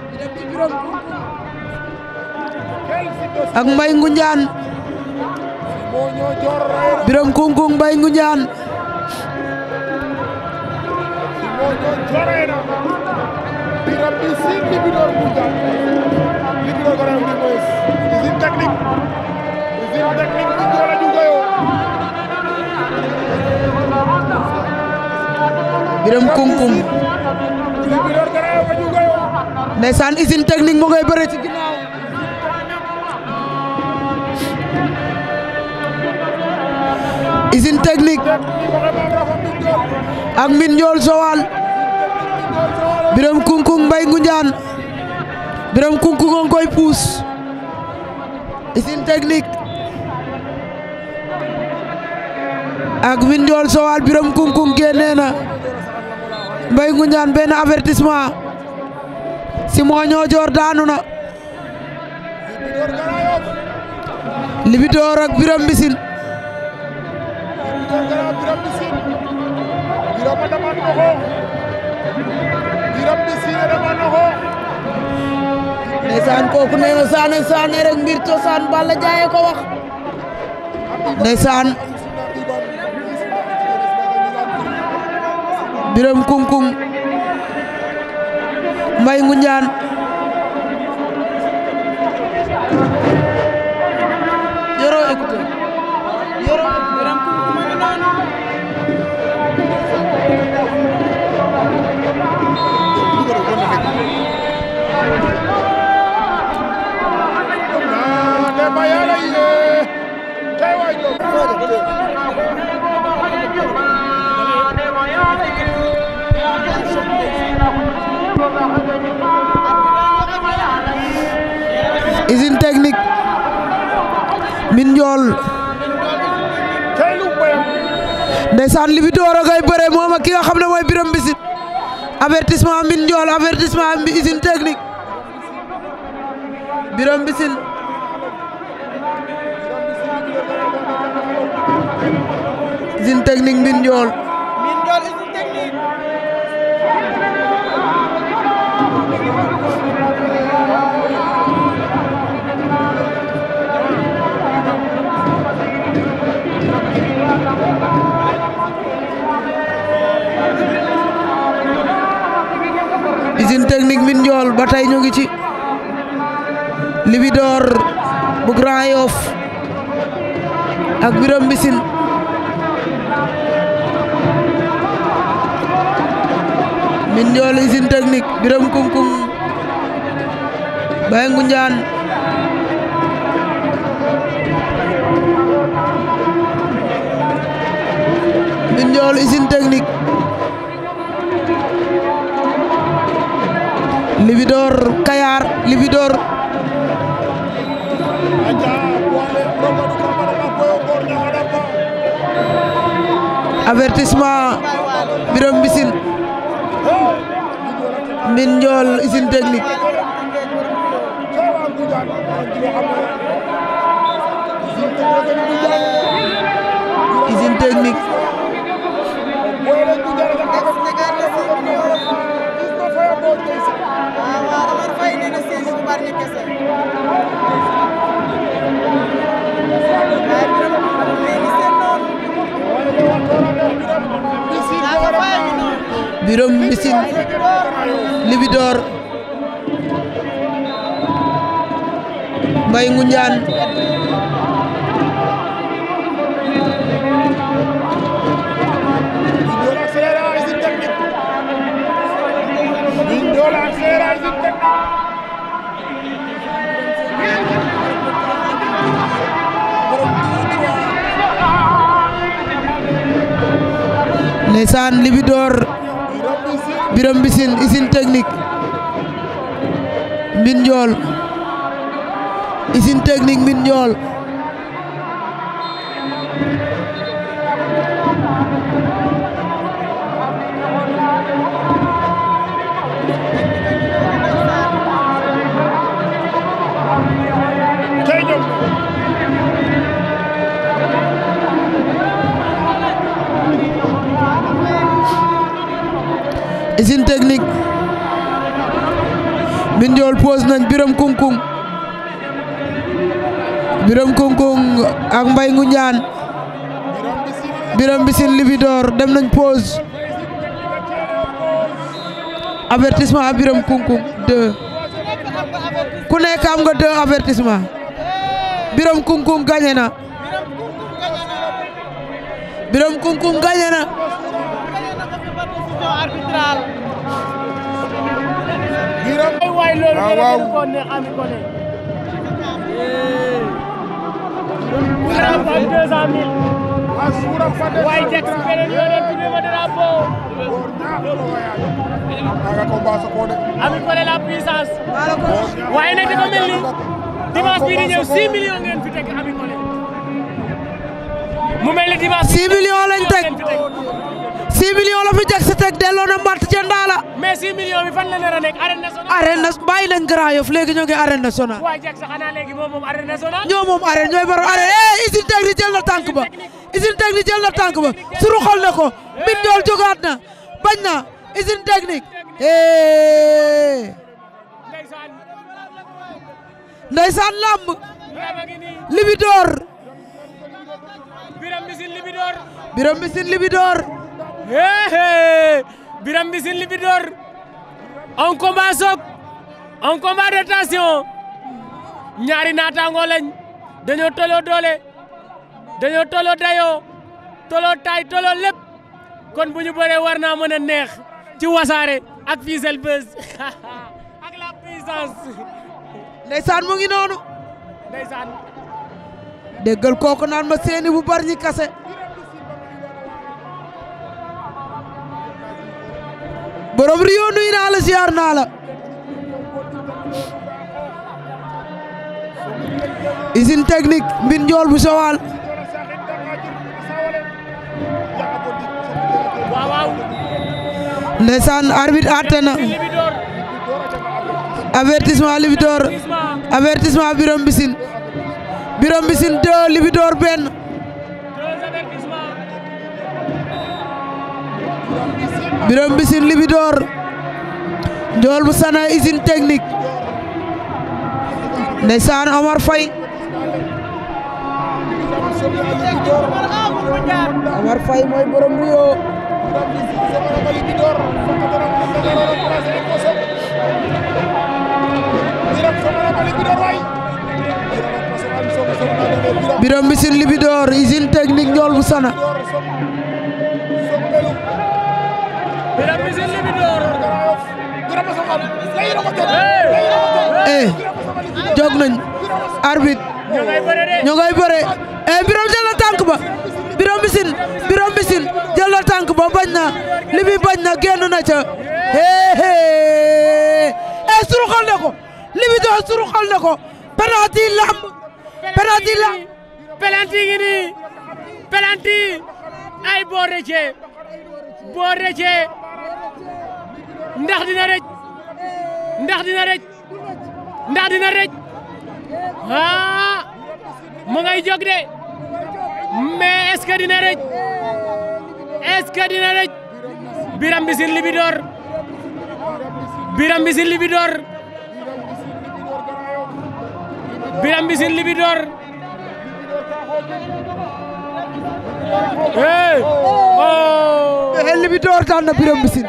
ak Mbaye Ngoundiane. Biram Kungkung Mbaye Ngoundiane. Biram bi si Libidor Ngoundiane. programme de boss usine technique usine technique bu góor a jugayoo biram kunkum ndeysaan usine technique mu ngay bëre ci ginnaaw usine sowal biram kunkum mbay biram kunku nga koy puus usine technique ak windool sowal biram kunku génnee na mbay ngu ñaan benn avertissement si mooñoo joor daanu na libidoor ak biram bisin biram bisin ndeysaan kooku nee na saane saane rek mbir Balla Diaye ko wax ndeysaan biram kungkung mbay ngu ñaan usine technique min njool ndeysaan Libidor a ngay bëre moom ak ki nga xam ne mooy Biram Bisit avertissement min njool avertissement usine technique ak Biram Bisin min njool usine technique Biram Kumkum Baye Ngunjaan min njool usine technique avertissement Birame Mbissine Mbine Ndiol usine birom mbisin libidoor mbay ngunjaan Ndeysaan Libidor Biram Mbissine usine technique Mbine Ndiol technique Mbine nañ biram kunkung biram kunkung ak mbay ngu ñaan biram bisin libidoor dem nañ pause avertissement ak biram kunkung deux ku nekk am nga deux avertissement biram kunkung gañe na biram kunkung gañe waaye jekk si ma drapeau Ami di ñëw 6 millions ngeen fi teg Ami Collé mu mel ni la fi jag si teg delloo na mbatt ca Ndala mais 6 millions bi fan la nar a nekk arène na bàyyi leen Grand Yoff léegi ñoo ngi arène nationale. waaye Dieg sax xanaa léegi moom moom arène nationale. ñoo moom arène ñooy baro arène eh usine technique jël na tànk ba usine technique jël na tànk ba suru xol na ko mbir dool jógaat na bañ na usine technique. Eh. ndeysaan lamb libidoor biram libidoor biram bisin libidoor un combat soog un combat de tension ñaari naataangoo lañ dañoo tolloo doole dañoo tolloo dayoo tolloo taay tolloo lépp kon bu ñu bëree war naa mën a neex ci wasaare ak Fissel Buzz ak la puissance. ndeysaan mu ngi noonu. ndeysaan. déggal kooku naan ma seeni bu bari kase. borom Rio nuyu naa la ziar naa la usine technique mbin njool bu sowal ndeysaan arbitre àtte na avertissement Libidor avertissement Biram Bisin Biram Bisin deux Libidor benn Birame Mbissine Libidor Ndiol Moussana usine technique ndeysaan Omar Faye Omar Faye mooy borom nuyoo Birame Birame Mbissine Libidor. eh jóg nañ arbitre ñoo ngay bëre eh Birame jël na tànk ba Birame Mbissine Birame na tànk bañ na li bi bañ na génn na ca eh eh, eh suruxal na ko Libidor na ko penalty lamb penalty lamb penalty gi nii ay boo rëccee ndax dina rëcc ndax dina rëcc ndax dina rëcc ah mu ngay jóg de mais est-ce que dina rëcc est-ce que dina rëcc Biram Mbissine Libidor Biram Mbissine Libidor Biram Mbissine Libidor eh na Biram Mbissine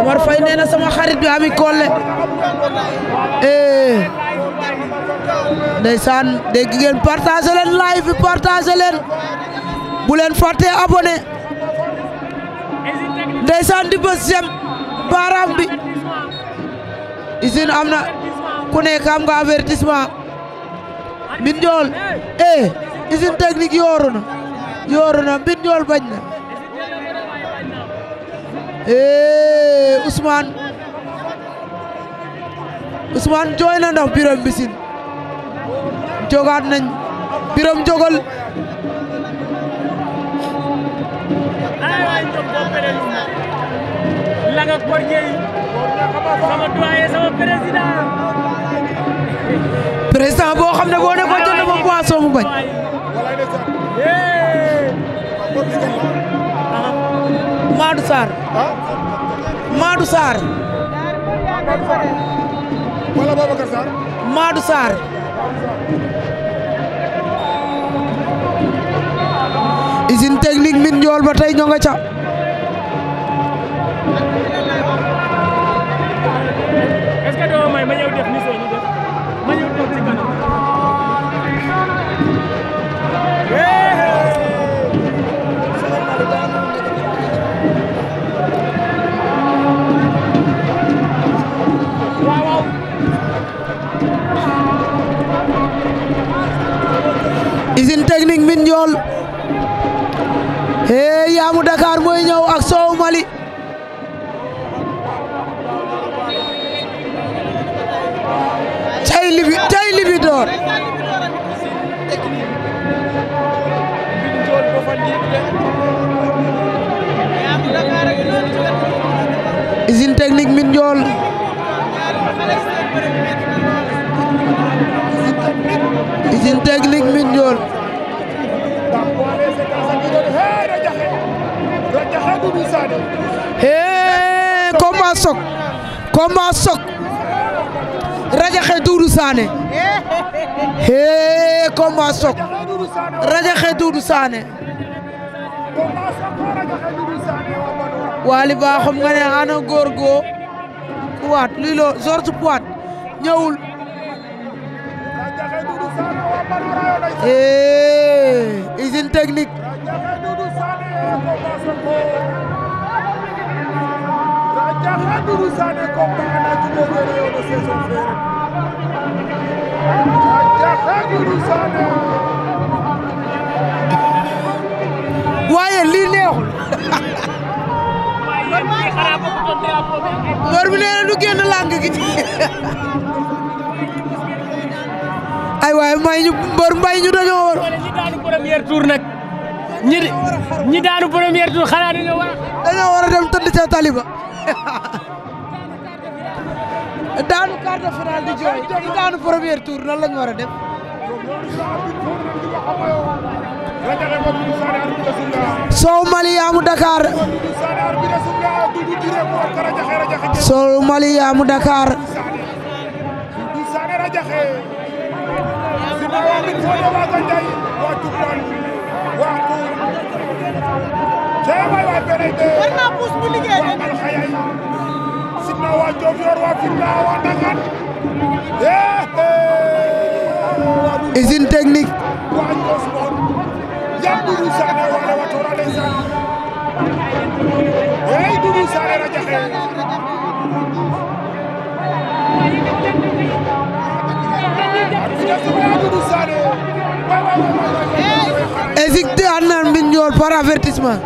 Omar Faye nee na sama xarit bi am Collé eh ndeysaan dégg ngeen partagé leen live bi partagé leen bu leen fàttee di bës jëm baaraam bi usine am na ku nekk am nga avertissement Mbine Ndiol eh usine technique yooru na yooru na Mbine bañ na eh Ousmane Ousmane jooy na ndax Birame Mbissine jogaat nañ Birame jogal laga korjey président boo xam ne boo ne ko jënd ma Maadou Sarr. Maadou Sarr. technique min njool ba tey ñoo nga usine technique min njool ee yaamu Dakar mooy ñëw ak soow Mali cay libi cay libi door hee combat sok combat sok rajaxe Doudou Sané hee combat sok rajaxe Doudou nga ne ana góor goo luy loo George puwaat ñëwul hee usine technique Raja Haduru Sane combat na waaye lii neexul mor bi nee na du génn làng gi ay waaye may ñu mbor mbay ñu dañoo war. wala ñi ñi daanu premier tour xanaa dañoo war a. dañoo war a dem tëdd taliba. daanu quart de finale di jooy di daanu premier tour nan la cee waay waay PDG. naa puus bu liggéey rek. waa Alxayay. Sidna waa Diofior waa Fimela waa Ndangane. usine technique. waa Ndios Mbour. yan Doudou Sané wala waa Tora ndeysaan. waaye Doudou Sané la jaxe. ak Exit de Anna Mbignor par avertissement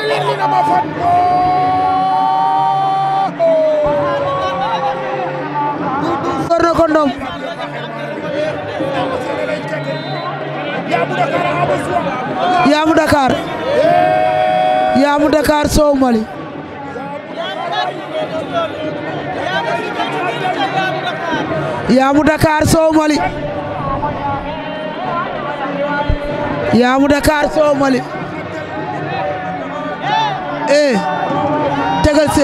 ay leen ñu ne ma fan Doudou door na ko ndong Yamou Dakar Mali Yamou Dakar Sow Mali Mali eh tegal eh,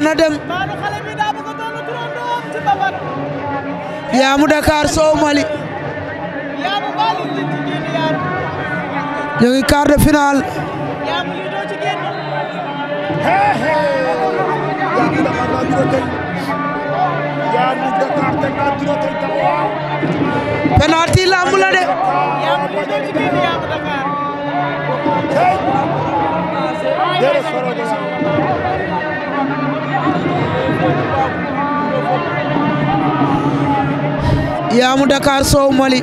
na dem. Yaamu Dakar Sow Mali. ñu ngi quart Yaamu li doo ci penalty lamb la Sow Mali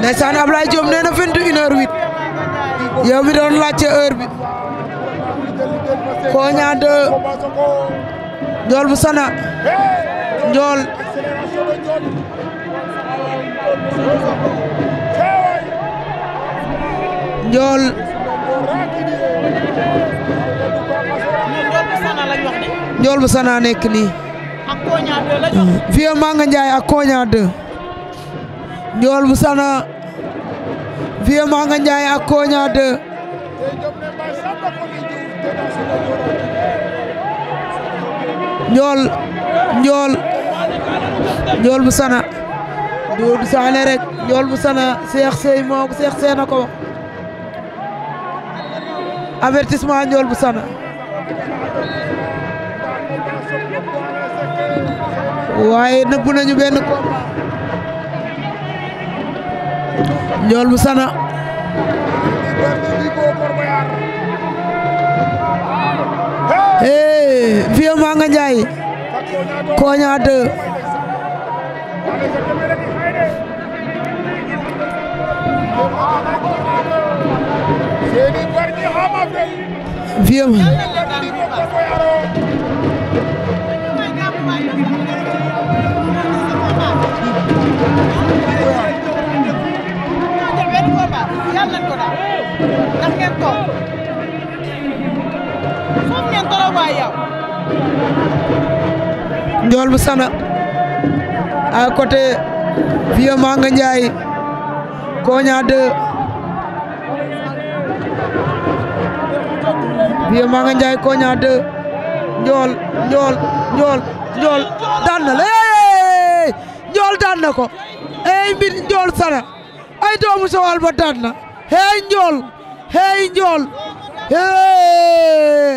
Ndeysaan Ablaye Diop nee na 21h08 yow doon laajte heure bi Konia 2 bu Sana Ndiol Njool. Njool bu Sana nekk nii. ak Koña 2 la jox. Vieux Manga Ndiaye ak Njool bu Sana. Vieux Manga Ndiaye ak Koña Njool. Njool. Njool bu Sana. Modou Sané rek Ndiol bu Sana Cheikh Sey moo Cheikh Sey ko wax avertissement Ndiol bu Sana waaye nëbb nañu benn combat Ndiol bu Sana eh Vieux Manga Ndiaye Konia 2 Vieux Ndiol bu sana à côté Vieux nga Ndiaye Konia 2 Vieux Manga Ndiaye Konia 2 njool njool njool njool daan na la eey njool daan na ko eey mbir njool sana ay doomu sowal ba daan na hey njool hey njool hey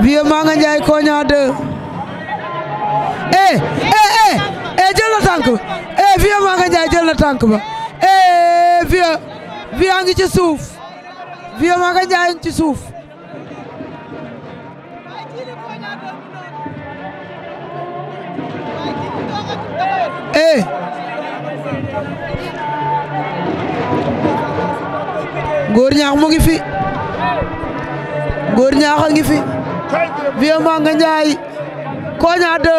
Vieux Manga Ndiaye Konia 2 eh eh eh eh jël na tànk ba eh Vieux Manga Ndiaye jël na tànk ba eh Vieux Vieux ngi ci suuf Vieux Manga Ndiaye ngi ci suuf eh góor ñaax mu ngi fi góor ñaax a ngi fi Vieux Manga Ndiaye Kogna 2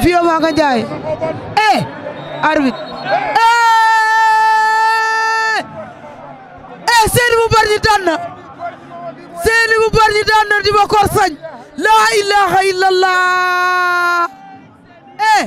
Vieux Manga Ndiaye eh arbitre eh eh seeni bu bari ñi na seeni bu bari ñi na di kor sañ la ilaha illallah eh. Eh,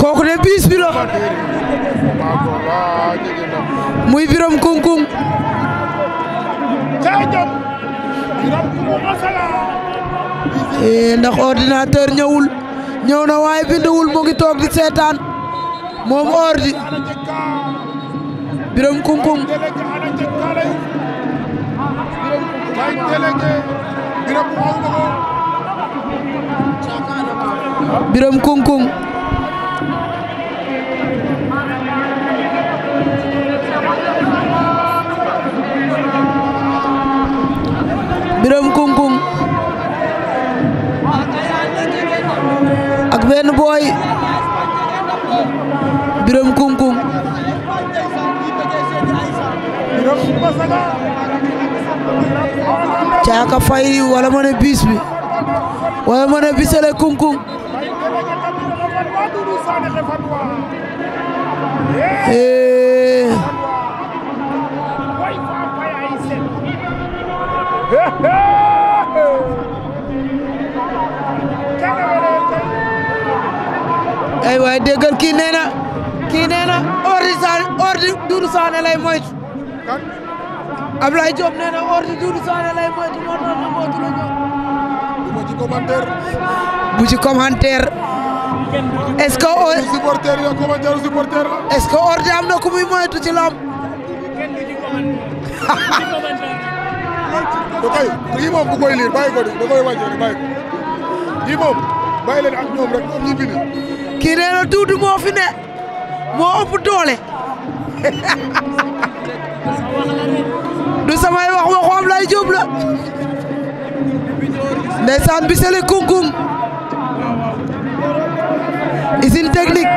kooku de biis bi la muy biram kunkung ee ndax ordinateur ñëwul ñëw na waaye binduwul mu ngi toog di seetaan moom ordi biram kunkung biram biram kunkung biram kunkung ak benn booy biram caaka fay wala mën a bi wala mën a bisale kunkung Eh. ay waay déggal kii nee na kii nee na ordi Sané ordi Doudou Sané lay moytu Ablaye Diop nee na ordi Doudou Sané lay moytu moo tax na moytu la ñëw bu ci commentaire bu ci commentaire est-ce que. est-ce que Ordi am na ku ci làmb. da koy yii ne moo ëpp doole. du samay wax waxu Ablaye Diop la. ndeysaan bi sele kungung. usine technique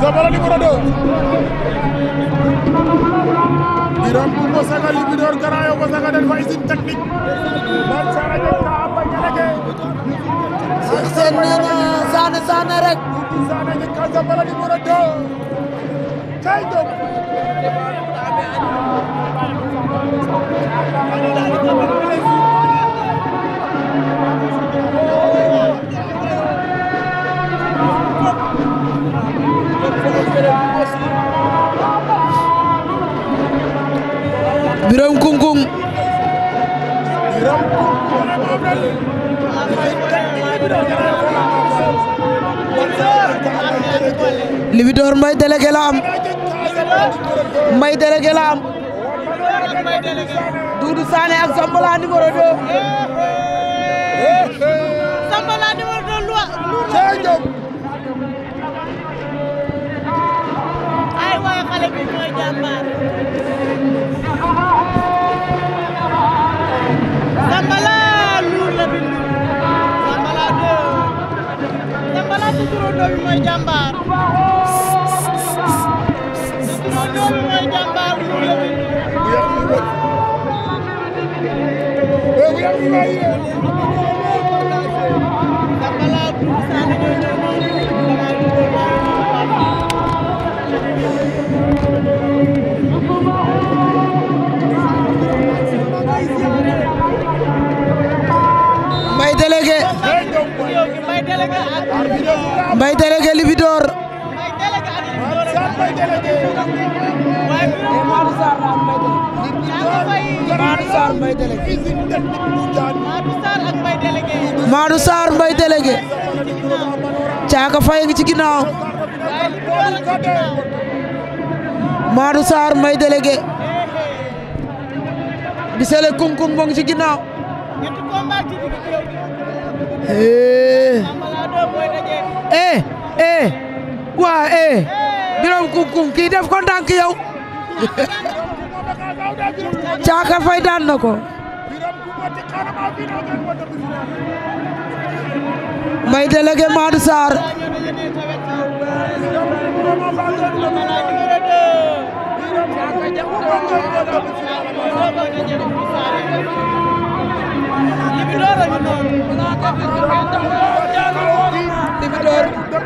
Sabara numéro 2 Biram Kumba Saga Libidor Grand Yoff Saga den fa usine technique Mame Sara Diop ka apa ñeleke Seen nee na Sane Sane rek Sane ni ka Sabara numéro 2 Kay dom Biram Kung Kung Libidor mbay délégué la mbay délégué la Doudou Sané ak Zambala numéro 2. Zambala numéro 2 lu lu. ay waay xale bi mooy jàmbaar. Zambala luur la bind. Zambala 2. Zambala numéro 2 bi mooy jàmbaar. Mbaye délégué Mbaye délégué Libidor Maadou Sarr Mbaye délégué. Maadou Sarr Mbaye délégué. Caaka Faye ngi ci ginnaaw. Maadou Sarr Mbaye délégué. Bisele Kunkun mo ngi ci ginnaaw. eh eh eh waa eh, eh. birom Kunkun kii def ko ndànk yow. Caaka Fay daan na ko may délégué Maadou Sarr Libidor a ngi noonu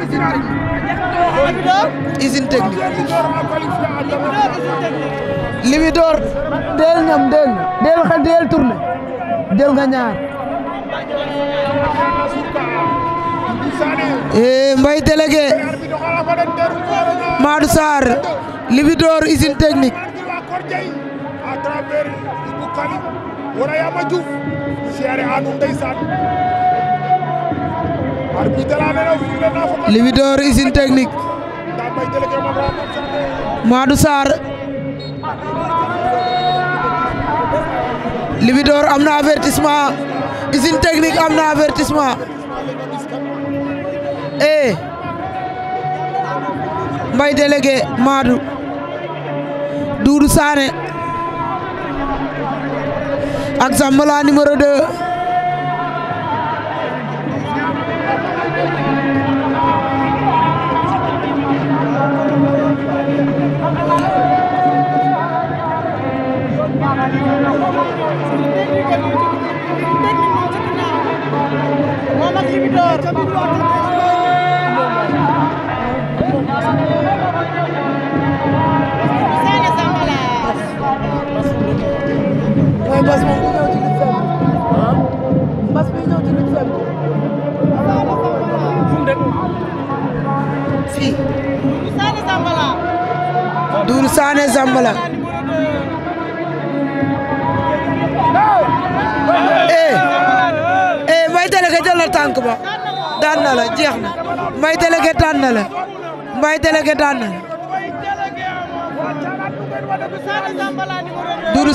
Libidor usine technique Libidor del ñam del del xa del tourné del nga ñaar ee eh, Mbaye délégué Madou Sarr Libidor usine technique war a yaama Diouf siyaare anu ndeysaan arbitre la nena na fo Libidor usine am na avertissement usine technique am na avertissement eh Mbaye ak Zambala numéro 2. Zambala mbas mi ñu ñëw ci lutte simple. ah mbas mi ba daan na la jeex na Mayteleke daan na la Mayteleke daan na la. Doudou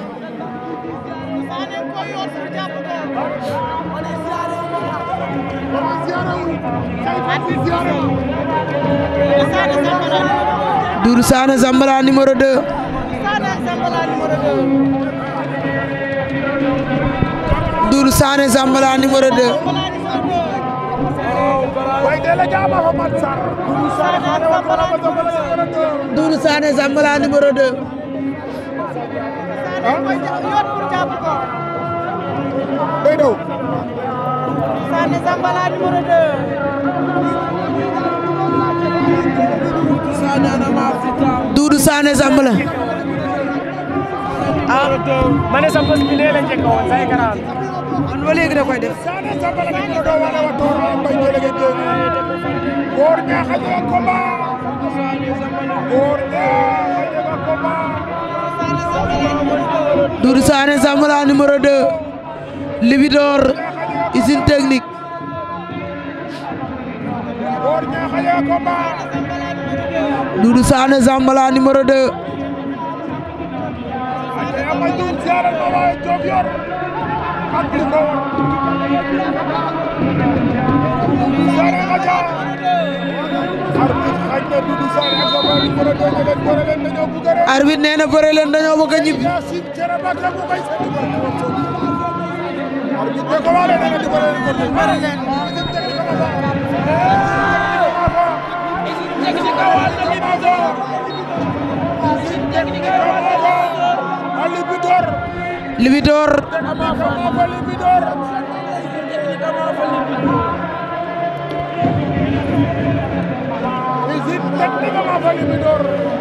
Doudou Sané Zambala numéro 2. Doudou Sané Zambala numéro 2. Doudou Sané Zambala numéro 2. Doudou Sané Zambala numéro 2 Doudou Sané Zambala ah ma ne sa bés bi lee la njëkk woon say garaan man ba léegi da koy def Sané Zambala ni ko do wala wa to bay jole ge do góor nga xam ne ko ba Sané Zambala góor nga xam ne ko ba Doudou Sané Zambala numéro 2 Libidor usine technique Doudou Sané Zambala numéro 2 arbitre nee na bëre leen dañoo bëgg a ñibbi Libidor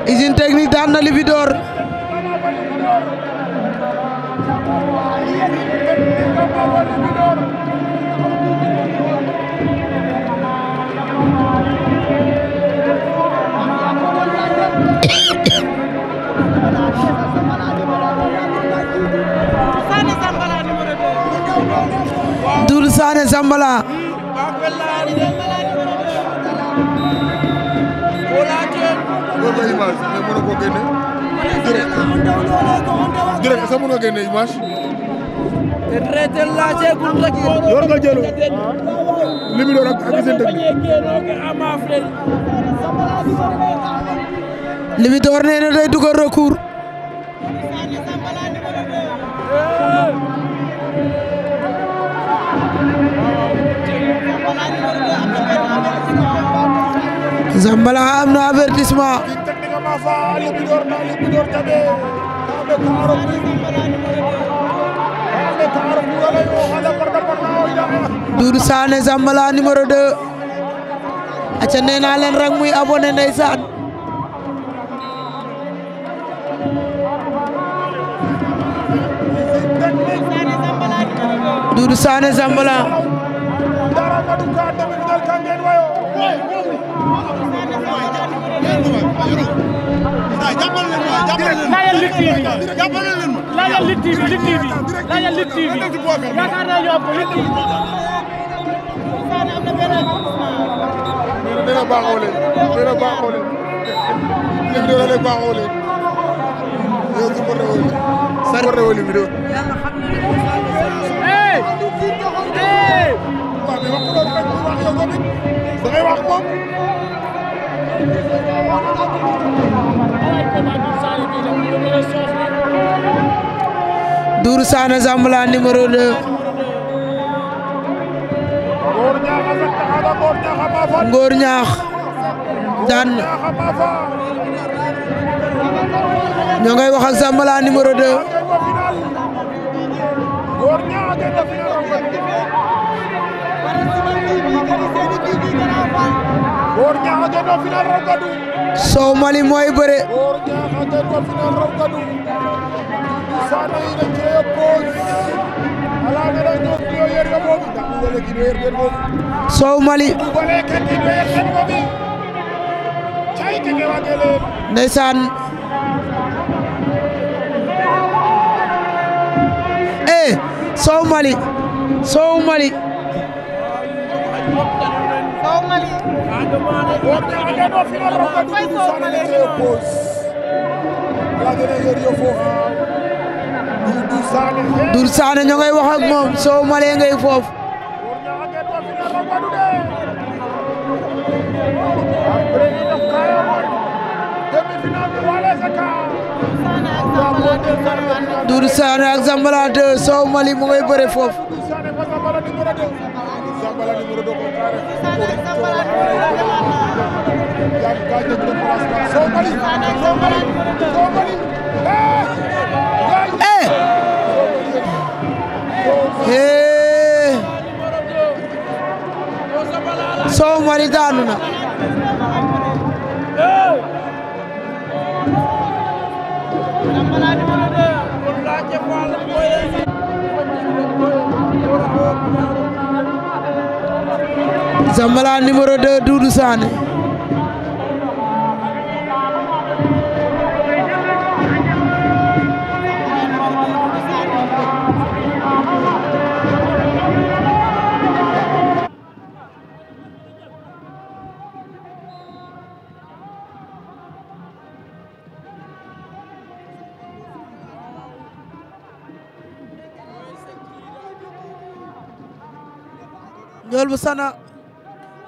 usine technique daan na Libidor Doudou Sané Zambala direct sax mënoo génne image. te traité laaseegul rek. loolu nga jëlu li mu doon ak nee na day dugal recours. Zambala am na هذا تعارف هذا تعارف ولا هذا برده برده Doudou Sané Zambala numéro 2 aca nee naa leen rek muy abonné ndeysaan Doudou laajal Lutte TV laajal Lutte TV Lutte TV laajal Lutte TV yaakaar naa ñu am ko Lutte TV. Sané am na benn mais dina baaxoo leen dina baaxoo leen léegi dina leen baaxoo leen yow supporté woo leen supporté woo leen vidéo. waaw mais wax ko loolu rek wax yow tamit da ngay wax moom. Dourou Sané Zambala numéro 2 Ngor Ñaax daan ñoo ngay wax ak Zambala numéro Sow Mali mooy bëre. Sow Mali. ndeysaan. eh Sow Mali Sow Mali. Mali. Faisal Mali. wax ak moom Sow Mali ngay foofu. Doudou Sow Mali mu foofu. numéro deux moom. na. Zambala numéro 2 Doudou Sané Ndiol bu Sana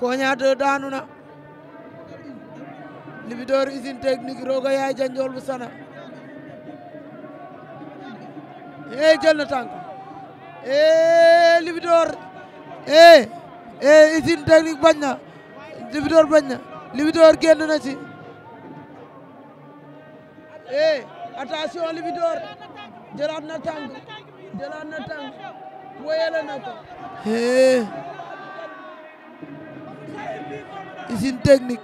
Konia 2 daanu na Libidor usine technique Roga Yaay Ja bu Sana ee jël na tànk ee Libidor ee ee usine technique bañ na Libidor bañ na Libidor génn na ci ee attention Libidor jëlaat na tànk jëlaat na tànk wéyale na ko ee usine technique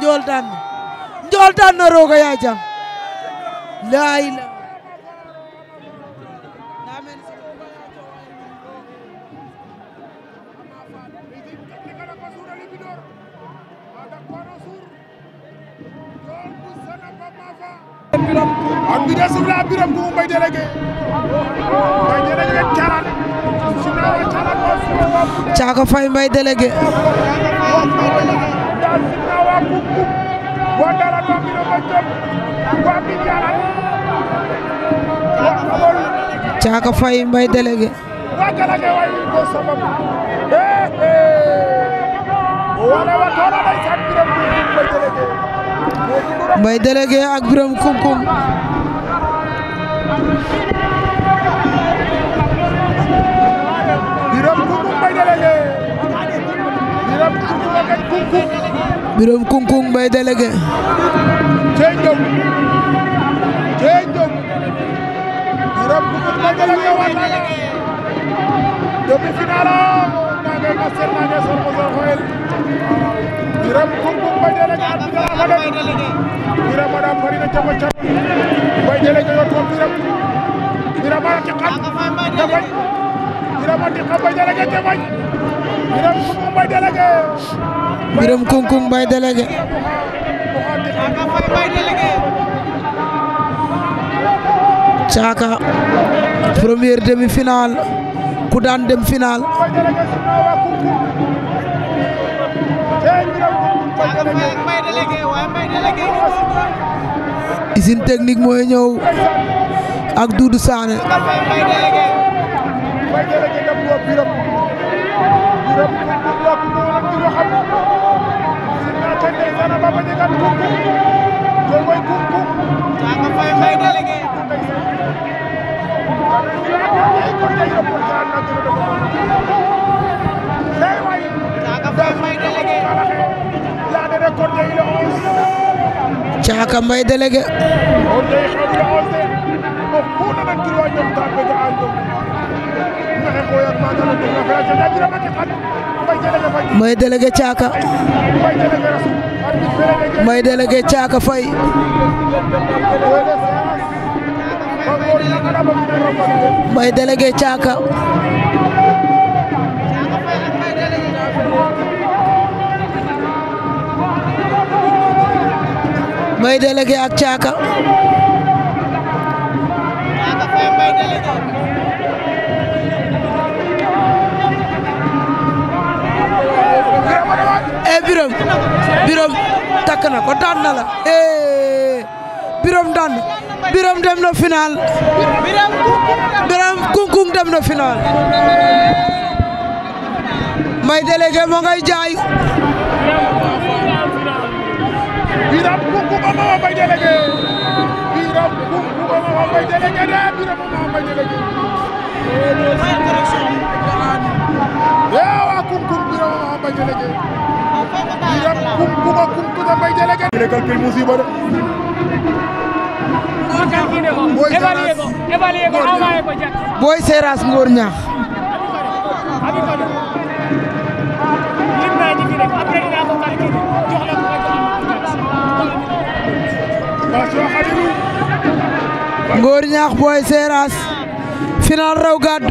Njool daan Njool daan a fay mbay délégué Caaka Faye Mbaye délégué. waa délégué waaye ñu ko sababu. wala waa Daara day sànq Birame Koungkoung Mbaye délégué. Mbaye birom kunkung bay délégué demi-finale nangay gasser nangay sor mo sor xoyel biram kunkung bay délégué arbitre la fa dem biram adam fari na cama cam bay délégué yor ko biram biram a tiqam da bañ biram a tiqam bay délégué te bañ biram kunkung bay délégué Biram Kunkung Mbaye délégué Caaka première demi-finale ku daan dem finale usine technique mooy ñëw ak Doudou Sané na mooy kuuk kuuk. Caaka Faye Faye délégué. Caaka Caaka. may délégué Thiaka Faye may délégué caaka may délégué ak Thiaka biram takk na ko daan na la eh biram daan biram dem na final biram kunkung dem na final may délégué mo jaay biram kunkung ama may délégué biram kunkung may délégué de may may délégué eh, Biram kumpuko kumputan bai jalakan. Mereka pil musibah. Boy Seras, Boy Seras Ngor Niakh. Ngor Niakh Boy Seras final raw gàddu.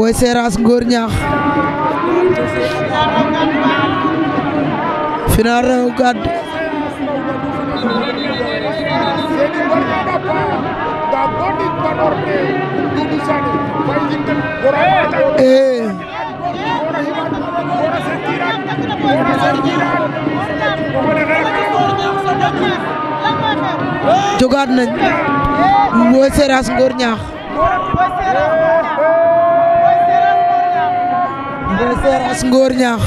Boy Seras Ngor Ñaax final raw gàdd ee eh. jogaat nañ Boy Seras Ngor Ñaax Seras Ngor Ñaax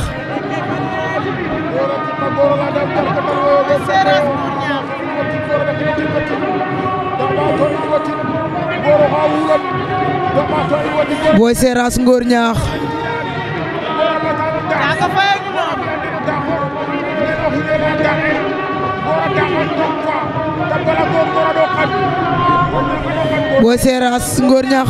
Boy Seras Ngor Ñaax Boy Seras Ngor Ñaax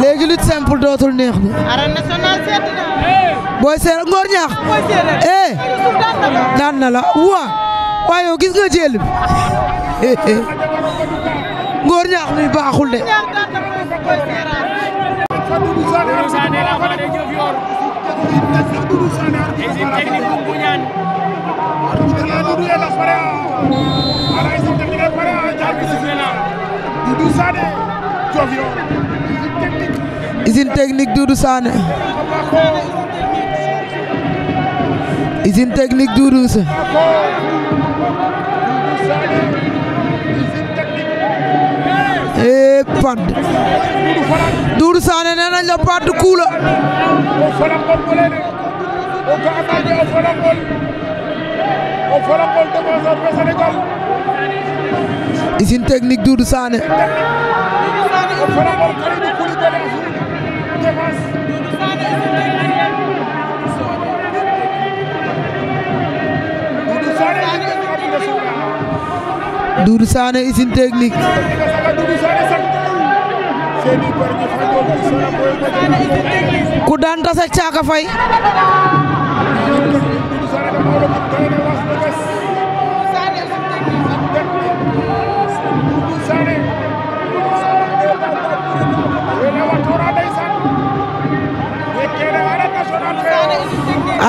léegi lutte simple dootul neex bi. booy seet ngor ñaax. booy seet na la wa waaye yow gis nga jël usine technique Doudou Sané usine technique Doudou Sané ee eh, pad Doudou Sané nee nañ la pad Doudou Sané usine technique ku daan tase caaka fay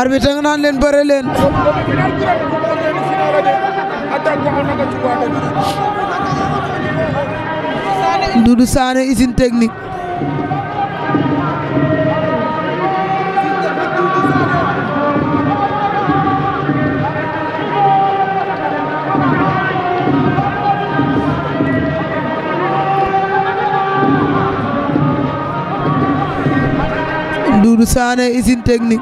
arbitre naan leen bëre leen Doudou Sané usine technique Doudou Sané usine technique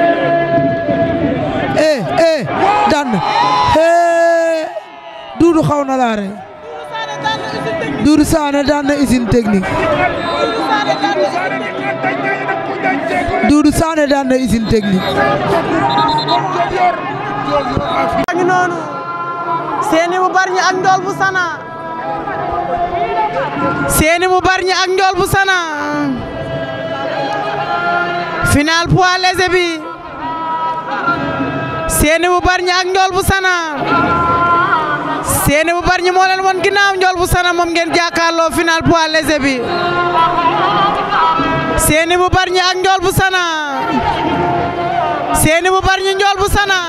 hee duudu xaw na laare duudu saane daan na usine technique duudu saane daan na usine technique ñu noonu seeni bu bari ñi ak njool bu sana seeni bu bari ñi ak njool bu sana final poids léger bi seeni bu barñi ak njool bu sana seeni bu barñi moo leen won njool bu sana moom ngeen jàkkaarloo final poids léger bi seeni bu barñi ak njool seeni bu barñi njool bu sana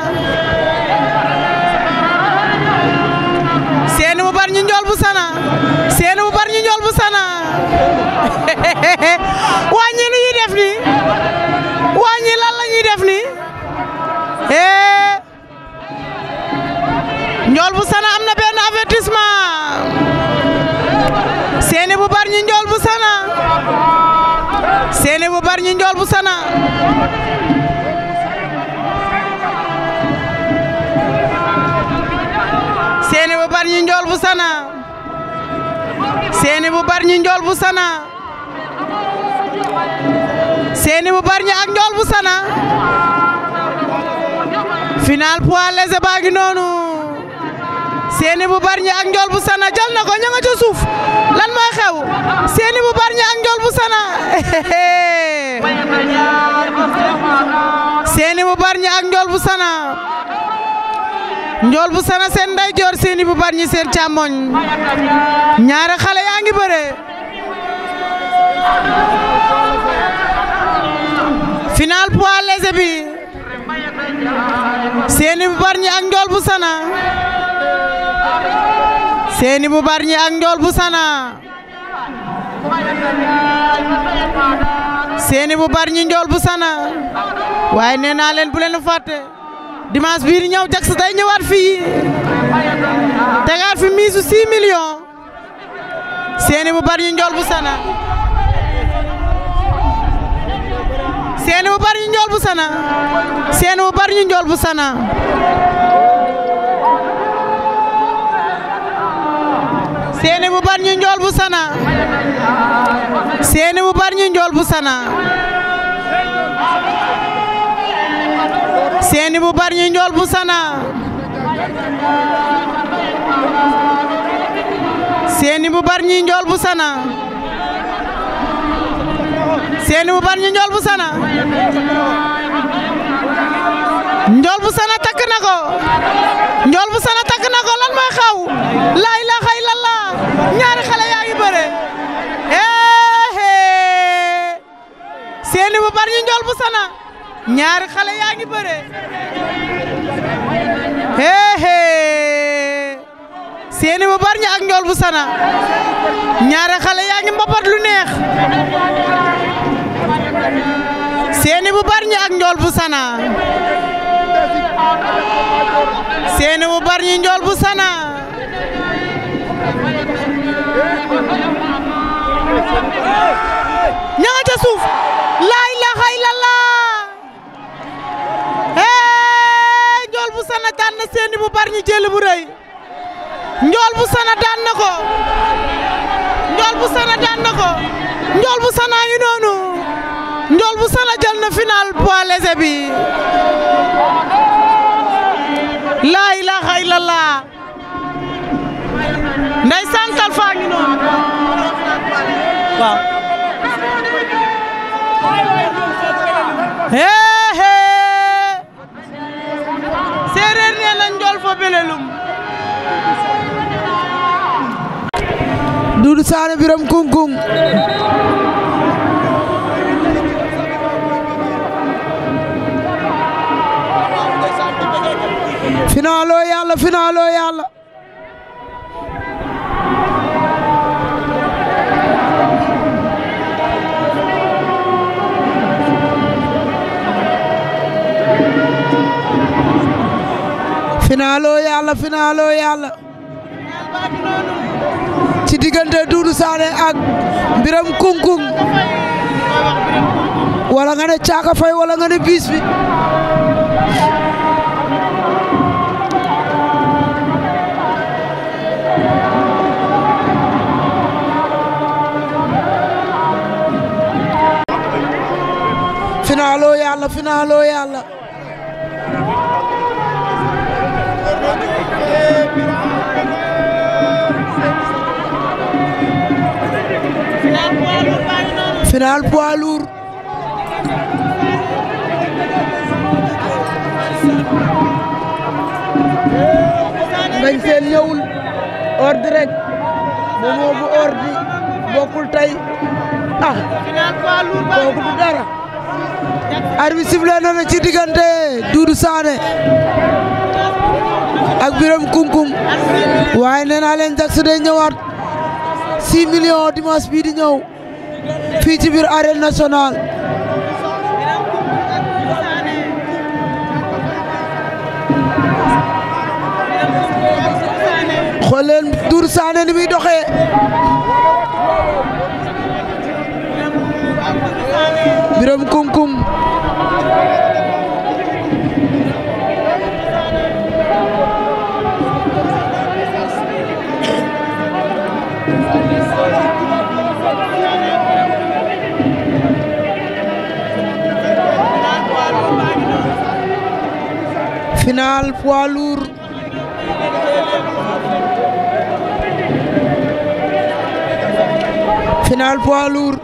seeni bu barñi njool bu sana barñi njool bu sana seeni bu barñi njool bu sana ak njool bu sana final poids léger baa noonu seeni bu barñi ak njool bu sana jël ko ña nga ca suuf xew seeni bu barñi ak njool bu sana njool bu sana seen joor seeni bu barñi seen càmmoñ ñaari xale yaa ngi bëre final poids léger bi seeni bu barñi ak njool bu sana seeni bu barñi ak njool bu sana seeni bu waaye nee naa leen bu leen fàtte dimaas bii di ñëw Jax day ñëwaat fii tegaat fi mise su 6 millions seeni bu bari njool bu sana seeni bu bari ñu njool bu sana seeni bu bari ñu njool njool bu sana seeni bu bari ñu bu sana seeni bu bari ñu njool bu sana seeni bu bari ñu njool bu sana bu takk na njool bu sana takk na ko lan mooy laa ilaaha illallah ñaari xale yaa ngi bëre seeni bu bari ñu bu sana ñaari xale yaa ngi bëre hee seeni bu barñi ak njool bu sana ñaari xale yaa seeni bu barñi ak sana seeni bu barñi njool bu sana sana bu bari ñu bu rëy sana daan ko njool bu sana daan ko njool bu sana ngi noonu njool bu sana jël na final poids léger bi laa ilaaha illallah ndeysaan Talfa ngi noonu Doudou Sané biram Koungkoung finaalo yàlla finaalo yàlla finaalo yàlla finaalo yàlla ci diggante Doudou Sané ak Biram Kungkung wala nga ne Caaka Fay wala nga ne bis bi finaaloo yàlla finaaloo yàlla final poids lourd ngañ seen ñëwul ordre rek moomoo bu ordre bokkul tey ah kooku du dara arbitre sifflé na na ci diggante Doudou Sané ak Biram Kungkung waaye nee naa leen jag su dee ñëwaat 6 millions di fii ci biir arène nationale xool leen Dour Sané ni muy doxee final poids lourd final poids lourd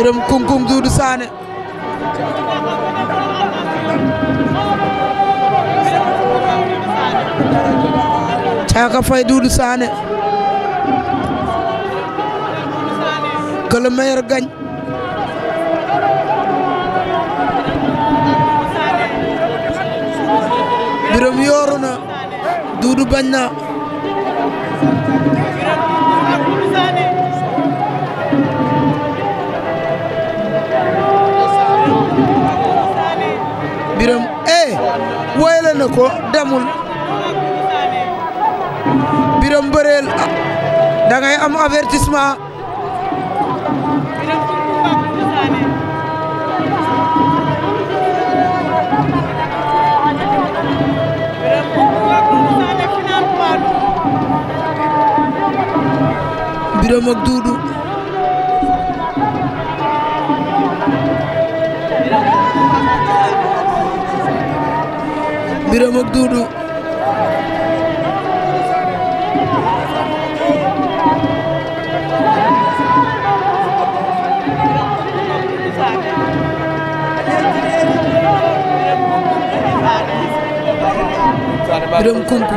biram kunkung duudu saane caaka fay duudu saane que le meilleur gagne yooru na duudu bañ na na ko demul biram bëreel da ngay am avertissement biram ak duudu biram ak duudu biram kumpu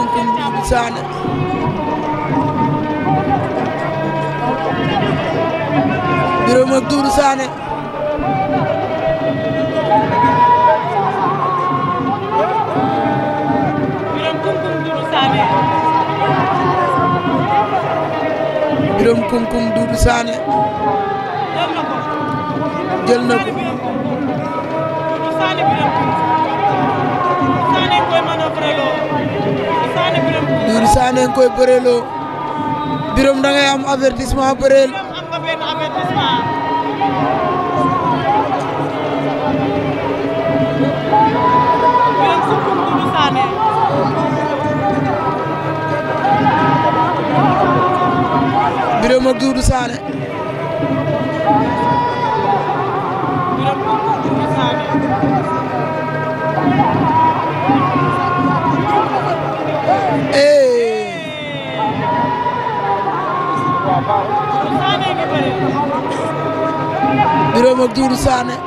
Alioune Sané Birame ak Doudou Sané Birame Koungkoung Doudou Sané jël na ko Doudou Sané nga koy bëreeloo Birame da ngay am avertissement Birame ak Doudou Sané Birame ak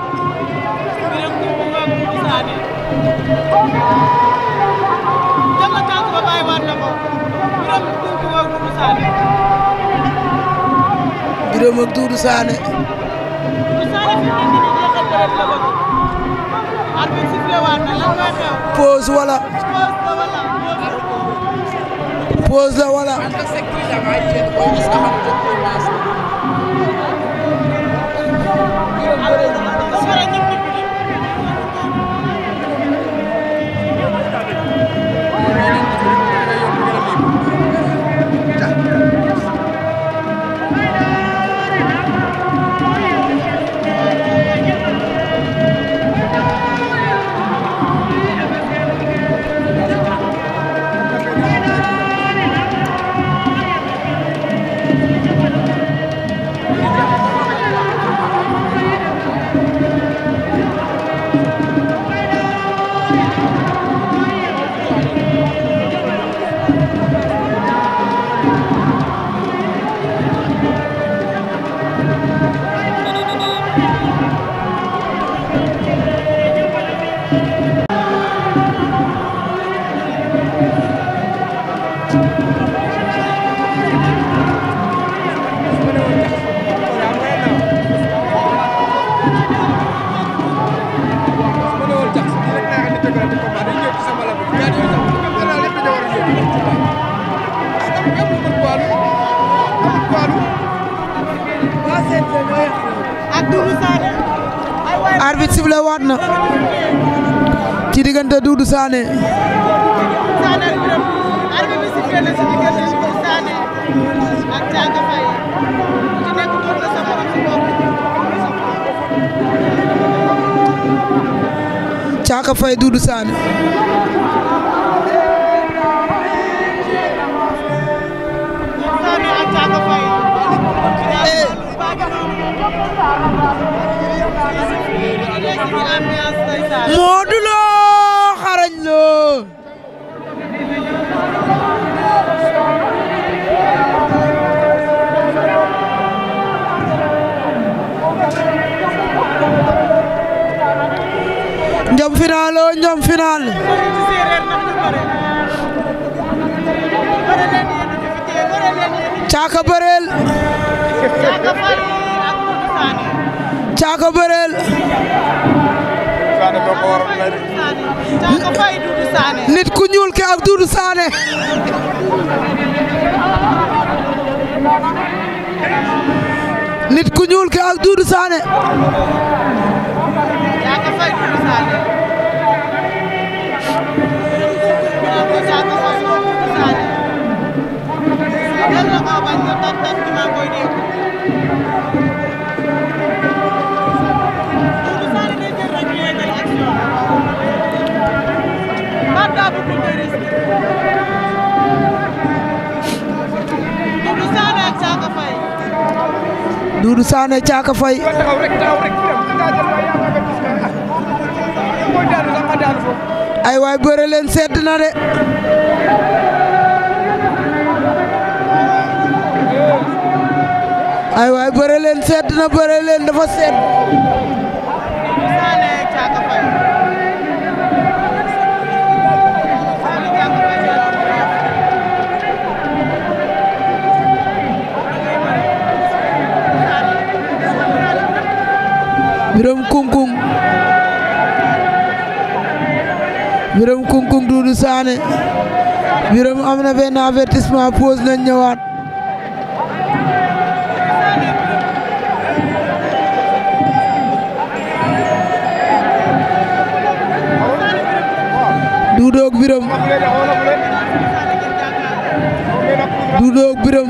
Doudou Sané pause wala pause la wala noonu. ak Doudou Sané. arbitre sifflé waat na. ci diggante Doudou Sané. Modou Lo caaka bëreel caaka bëreel. nit ku ñuul ke ak Doudou Sané. Doudou Sané Thiaka Faye ay waay bëre leen sedd na de ay waay bëre leen sedd na bëre leen dafa sedd biram kunkung biram kunkung Doudou Sané biram am na benn avertissement pause nañ ñëwaat Doudou ak biram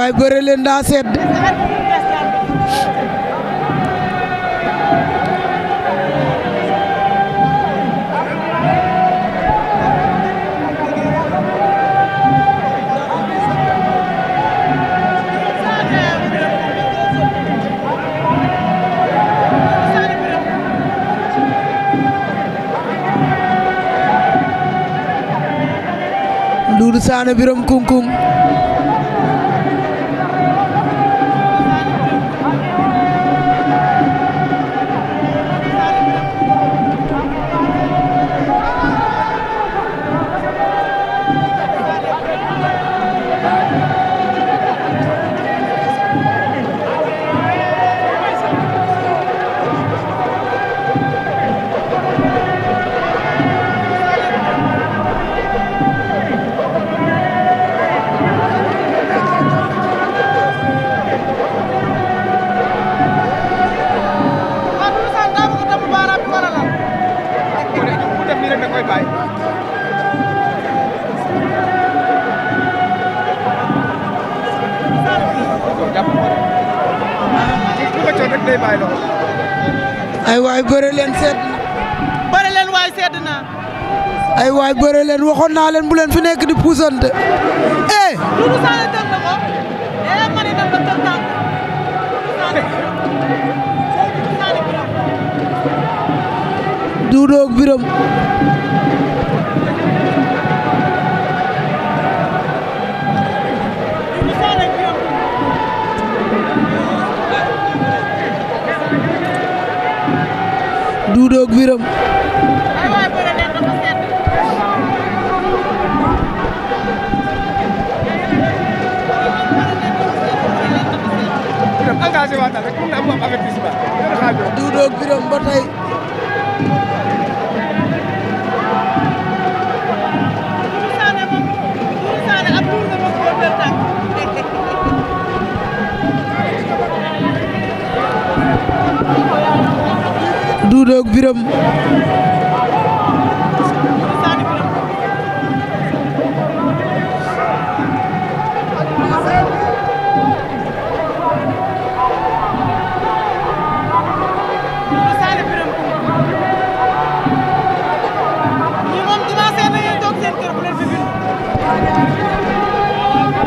waaye bëre leen daa sedd Doudou Sané Birame Koungkoung ay waay bëre leen seet. bëre leen waay sedd naa. ay waay bëre leen waxoon naa fi nekk di puusante. eh. Doudou Sané tënk duudoog biram duudoog biram duudoog biram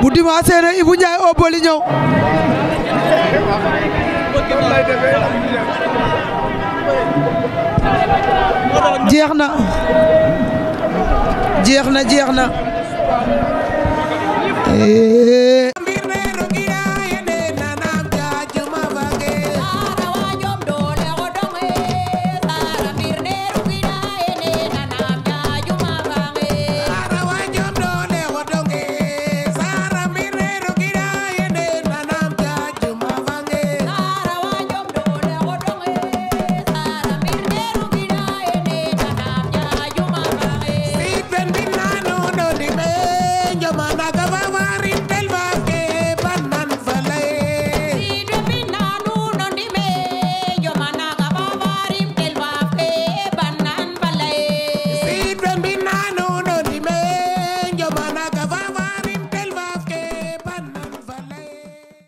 bu dimanche na Ibou Ndiaye jeex na jeex na jeex na eh.